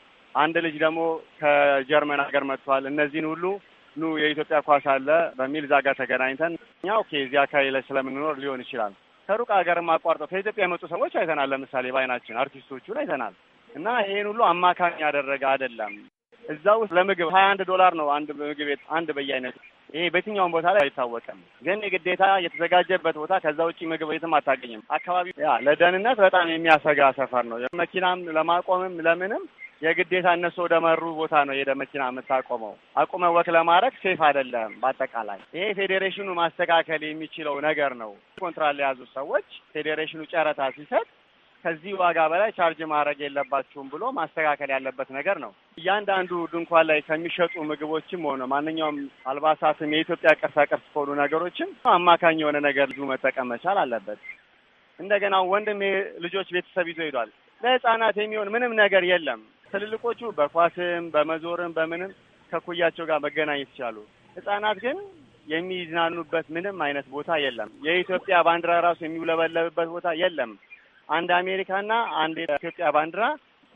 አንድ ልጅ ደግሞ ከጀርመን ሀገር መጥተዋል። እነዚህን ሁሉ ኑ የኢትዮጵያ ኳስ አለ በሚል እዛ ጋር ተገናኝተን እኛ ኦኬ እዚህ አካባቢ ላይ ስለምንኖር ሊሆን ይችላል። ከሩቅ ሀገርም አቋርጠው ከኢትዮጵያ የመጡ ሰዎች አይተናል። ለምሳሌ ባይናችን አርቲስቶቹን አይተናል እና ይህን ሁሉ አማካኝ ያደረገ አይደለም። እዛ ውስጥ ለምግብ ሀያ አንድ ዶላር ነው አንድ ምግብ ቤት አንድ በየአይነቱ። ይሄ በየትኛውም ቦታ ላይ አይታወቅም፣ ግን የግዴታ የተዘጋጀበት ቦታ ከዛ ውጭ ምግብ ቤትም አታገኝም። አካባቢ ያ ለደህንነት በጣም የሚያሰጋ ሰፈር ነው። መኪናም ለማቆምም ለምንም የግዴታ እነሱ ወደ መሩ ቦታ ነው ሄደ መኪና የምታቆመው። አቁመ ወክ ለማድረግ ሴፍ አይደለም። በአጠቃላይ ይሄ ፌዴሬሽኑ ማስተካከል የሚችለው ነገር ነው። ኮንትራል ለያዙ ሰዎች ፌዴሬሽኑ ጨረታ ሲሰጥ ከዚህ ዋጋ በላይ ቻርጅ ማድረግ የለባችሁም ብሎ ማስተካከል ያለበት ነገር ነው። እያንዳንዱ ድንኳን ላይ ከሚሸጡ ምግቦችም ሆነ ማንኛውም አልባሳትም የኢትዮጵያ ቅርሳቅርስ ከሆኑ ነገሮችም አማካኝ የሆነ ነገር ልጁ መጠቀም መቻል አለበት። እንደገና ወንድም ልጆች ቤተሰብ ይዞ ሄዷል። ለህፃናት የሚሆን ምንም ነገር የለም። ትልልቆቹ በኳስም በመዞርም በምንም ከኩያቸው ጋር መገናኘት ይችላሉ። ህጻናት ግን የሚዝናኑበት ምንም አይነት ቦታ የለም። የኢትዮጵያ ባንዲራ ራሱ የሚውለበለብበት ቦታ የለም። አንድ አሜሪካና አንድ ኢትዮጵያ ባንዲራ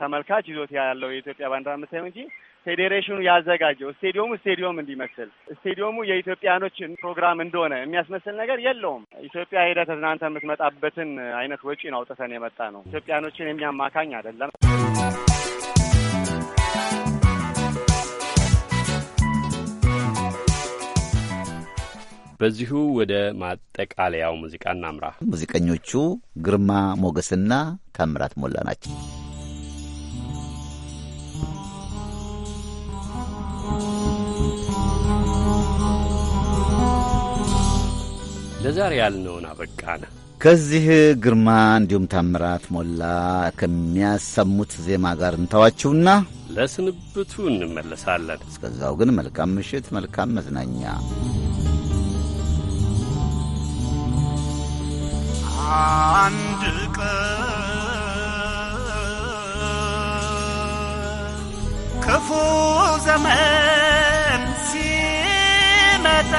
ተመልካች ይዞት ያለው የኢትዮጵያ ባንዲራ የምታየው እንጂ ፌዴሬሽኑ ያዘጋጀው ስቴዲየሙ ስቴዲየም እንዲመስል ስቴዲየሙ የኢትዮጵያኖች ፕሮግራም እንደሆነ የሚያስመስል ነገር የለውም። ኢትዮጵያ ሄደህ ተዝናንተህ የምትመጣበትን አይነት ወጪ ነው አውጥተን የመጣ ነው። ኢትዮጵያኖችን የሚያማካኝ አይደለም። በዚሁ ወደ ማጠቃለያው ሙዚቃ እናምራ። ሙዚቀኞቹ ግርማ ሞገስና ታምራት ሞላ ናቸው። ለዛሬ ያልነውን አበቃን። ከዚህ ግርማ እንዲሁም ታምራት ሞላ ከሚያሰሙት ዜማ ጋር እንተዋችሁና ለስንብቱ እንመለሳለን። እስከዛው ግን መልካም ምሽት፣ መልካም መዝናኛ አንድ ቀን ክፉ ዘመን ሲመጣ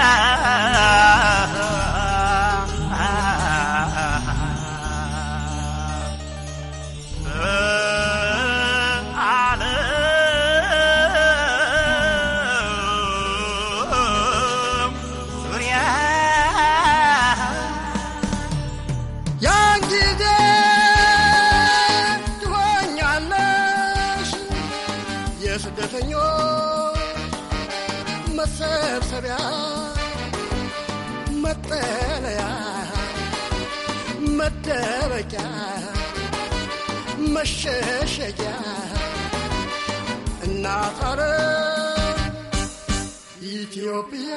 መደበቂያ መሸሸጊያ እናት አለም ኢትዮጵያ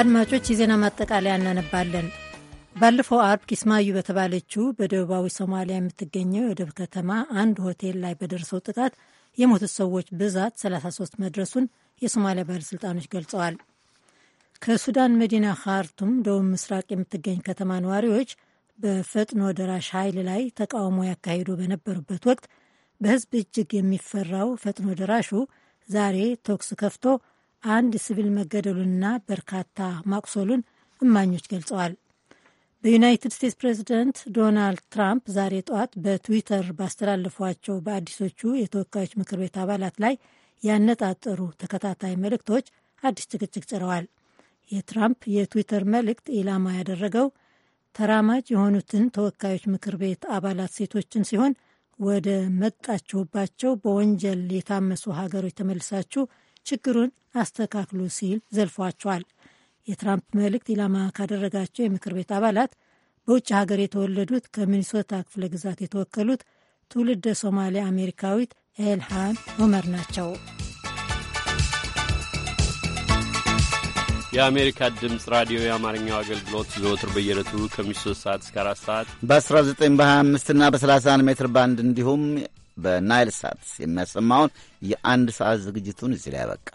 አድማጮች የዜና ማጠቃለያ እናነባለን። ባለፈው አርብ ኪስማዩ በተባለችው በደቡባዊ ሶማሊያ የምትገኘው የወደብ ከተማ አንድ ሆቴል ላይ በደረሰው ጥቃት የሞቱት ሰዎች ብዛት 33 መድረሱን የሶማሊያ ባለሥልጣኖች ገልጸዋል። ከሱዳን መዲና ካርቱም ደቡብ ምስራቅ የምትገኝ ከተማ ነዋሪዎች በፈጥኖ ደራሽ ኃይል ላይ ተቃውሞ ያካሄዱ በነበሩበት ወቅት በሕዝብ እጅግ የሚፈራው ፈጥኖ ደራሹ ዛሬ ተኩስ ከፍቶ አንድ ሲቪል መገደሉንና በርካታ ማቁሰሉን እማኞች ገልጸዋል። በዩናይትድ ስቴትስ ፕሬዚደንት ዶናልድ ትራምፕ ዛሬ ጠዋት በትዊተር ባስተላለፏቸው በአዲሶቹ የተወካዮች ምክር ቤት አባላት ላይ ያነጣጠሩ ተከታታይ መልእክቶች አዲስ ጭቅጭቅ ጭረዋል። የትራምፕ የትዊተር መልእክት ኢላማ ያደረገው ተራማጅ የሆኑትን ተወካዮች ምክር ቤት አባላት ሴቶችን ሲሆን ወደ መጣችሁባቸው በወንጀል የታመሱ ሀገሮች ተመልሳችሁ ችግሩን አስተካክሉ ሲል ዘልፏቸዋል። የትራምፕ መልእክት ኢላማ ካደረጋቸው የምክር ቤት አባላት በውጭ ሀገር የተወለዱት ከሚኒሶታ ክፍለ ግዛት የተወከሉት ትውልደ ሶማሌ አሜሪካዊት ኤልሃን ኦመር ናቸው። የአሜሪካ ድምፅ ራዲዮ የአማርኛው አገልግሎት ዘወትር በየዕለቱ ከምሽቱ 3 ሰዓት እስከ 4 ሰዓት በ19 በ25 እና በ31 ሜትር ባንድ እንዲሁም በናይል ሳት የሚያሰማውን የአንድ ሰዓት ዝግጅቱን እዚህ ላይ ያበቃ።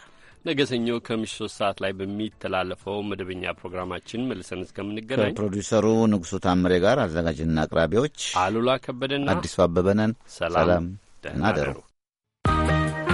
ነገ ሰኞ ከምሽቱ ሶስት ሰዓት ላይ በሚተላለፈው መደበኛ ፕሮግራማችን መልሰን እስከምንገናኝ ከፕሮዲውሰሩ ንጉሱ ታምሬ ጋር አዘጋጅና አቅራቢዎች አሉላ ከበደና አዲሱ አበበነን ሰላም፣ ደህና ደሩ።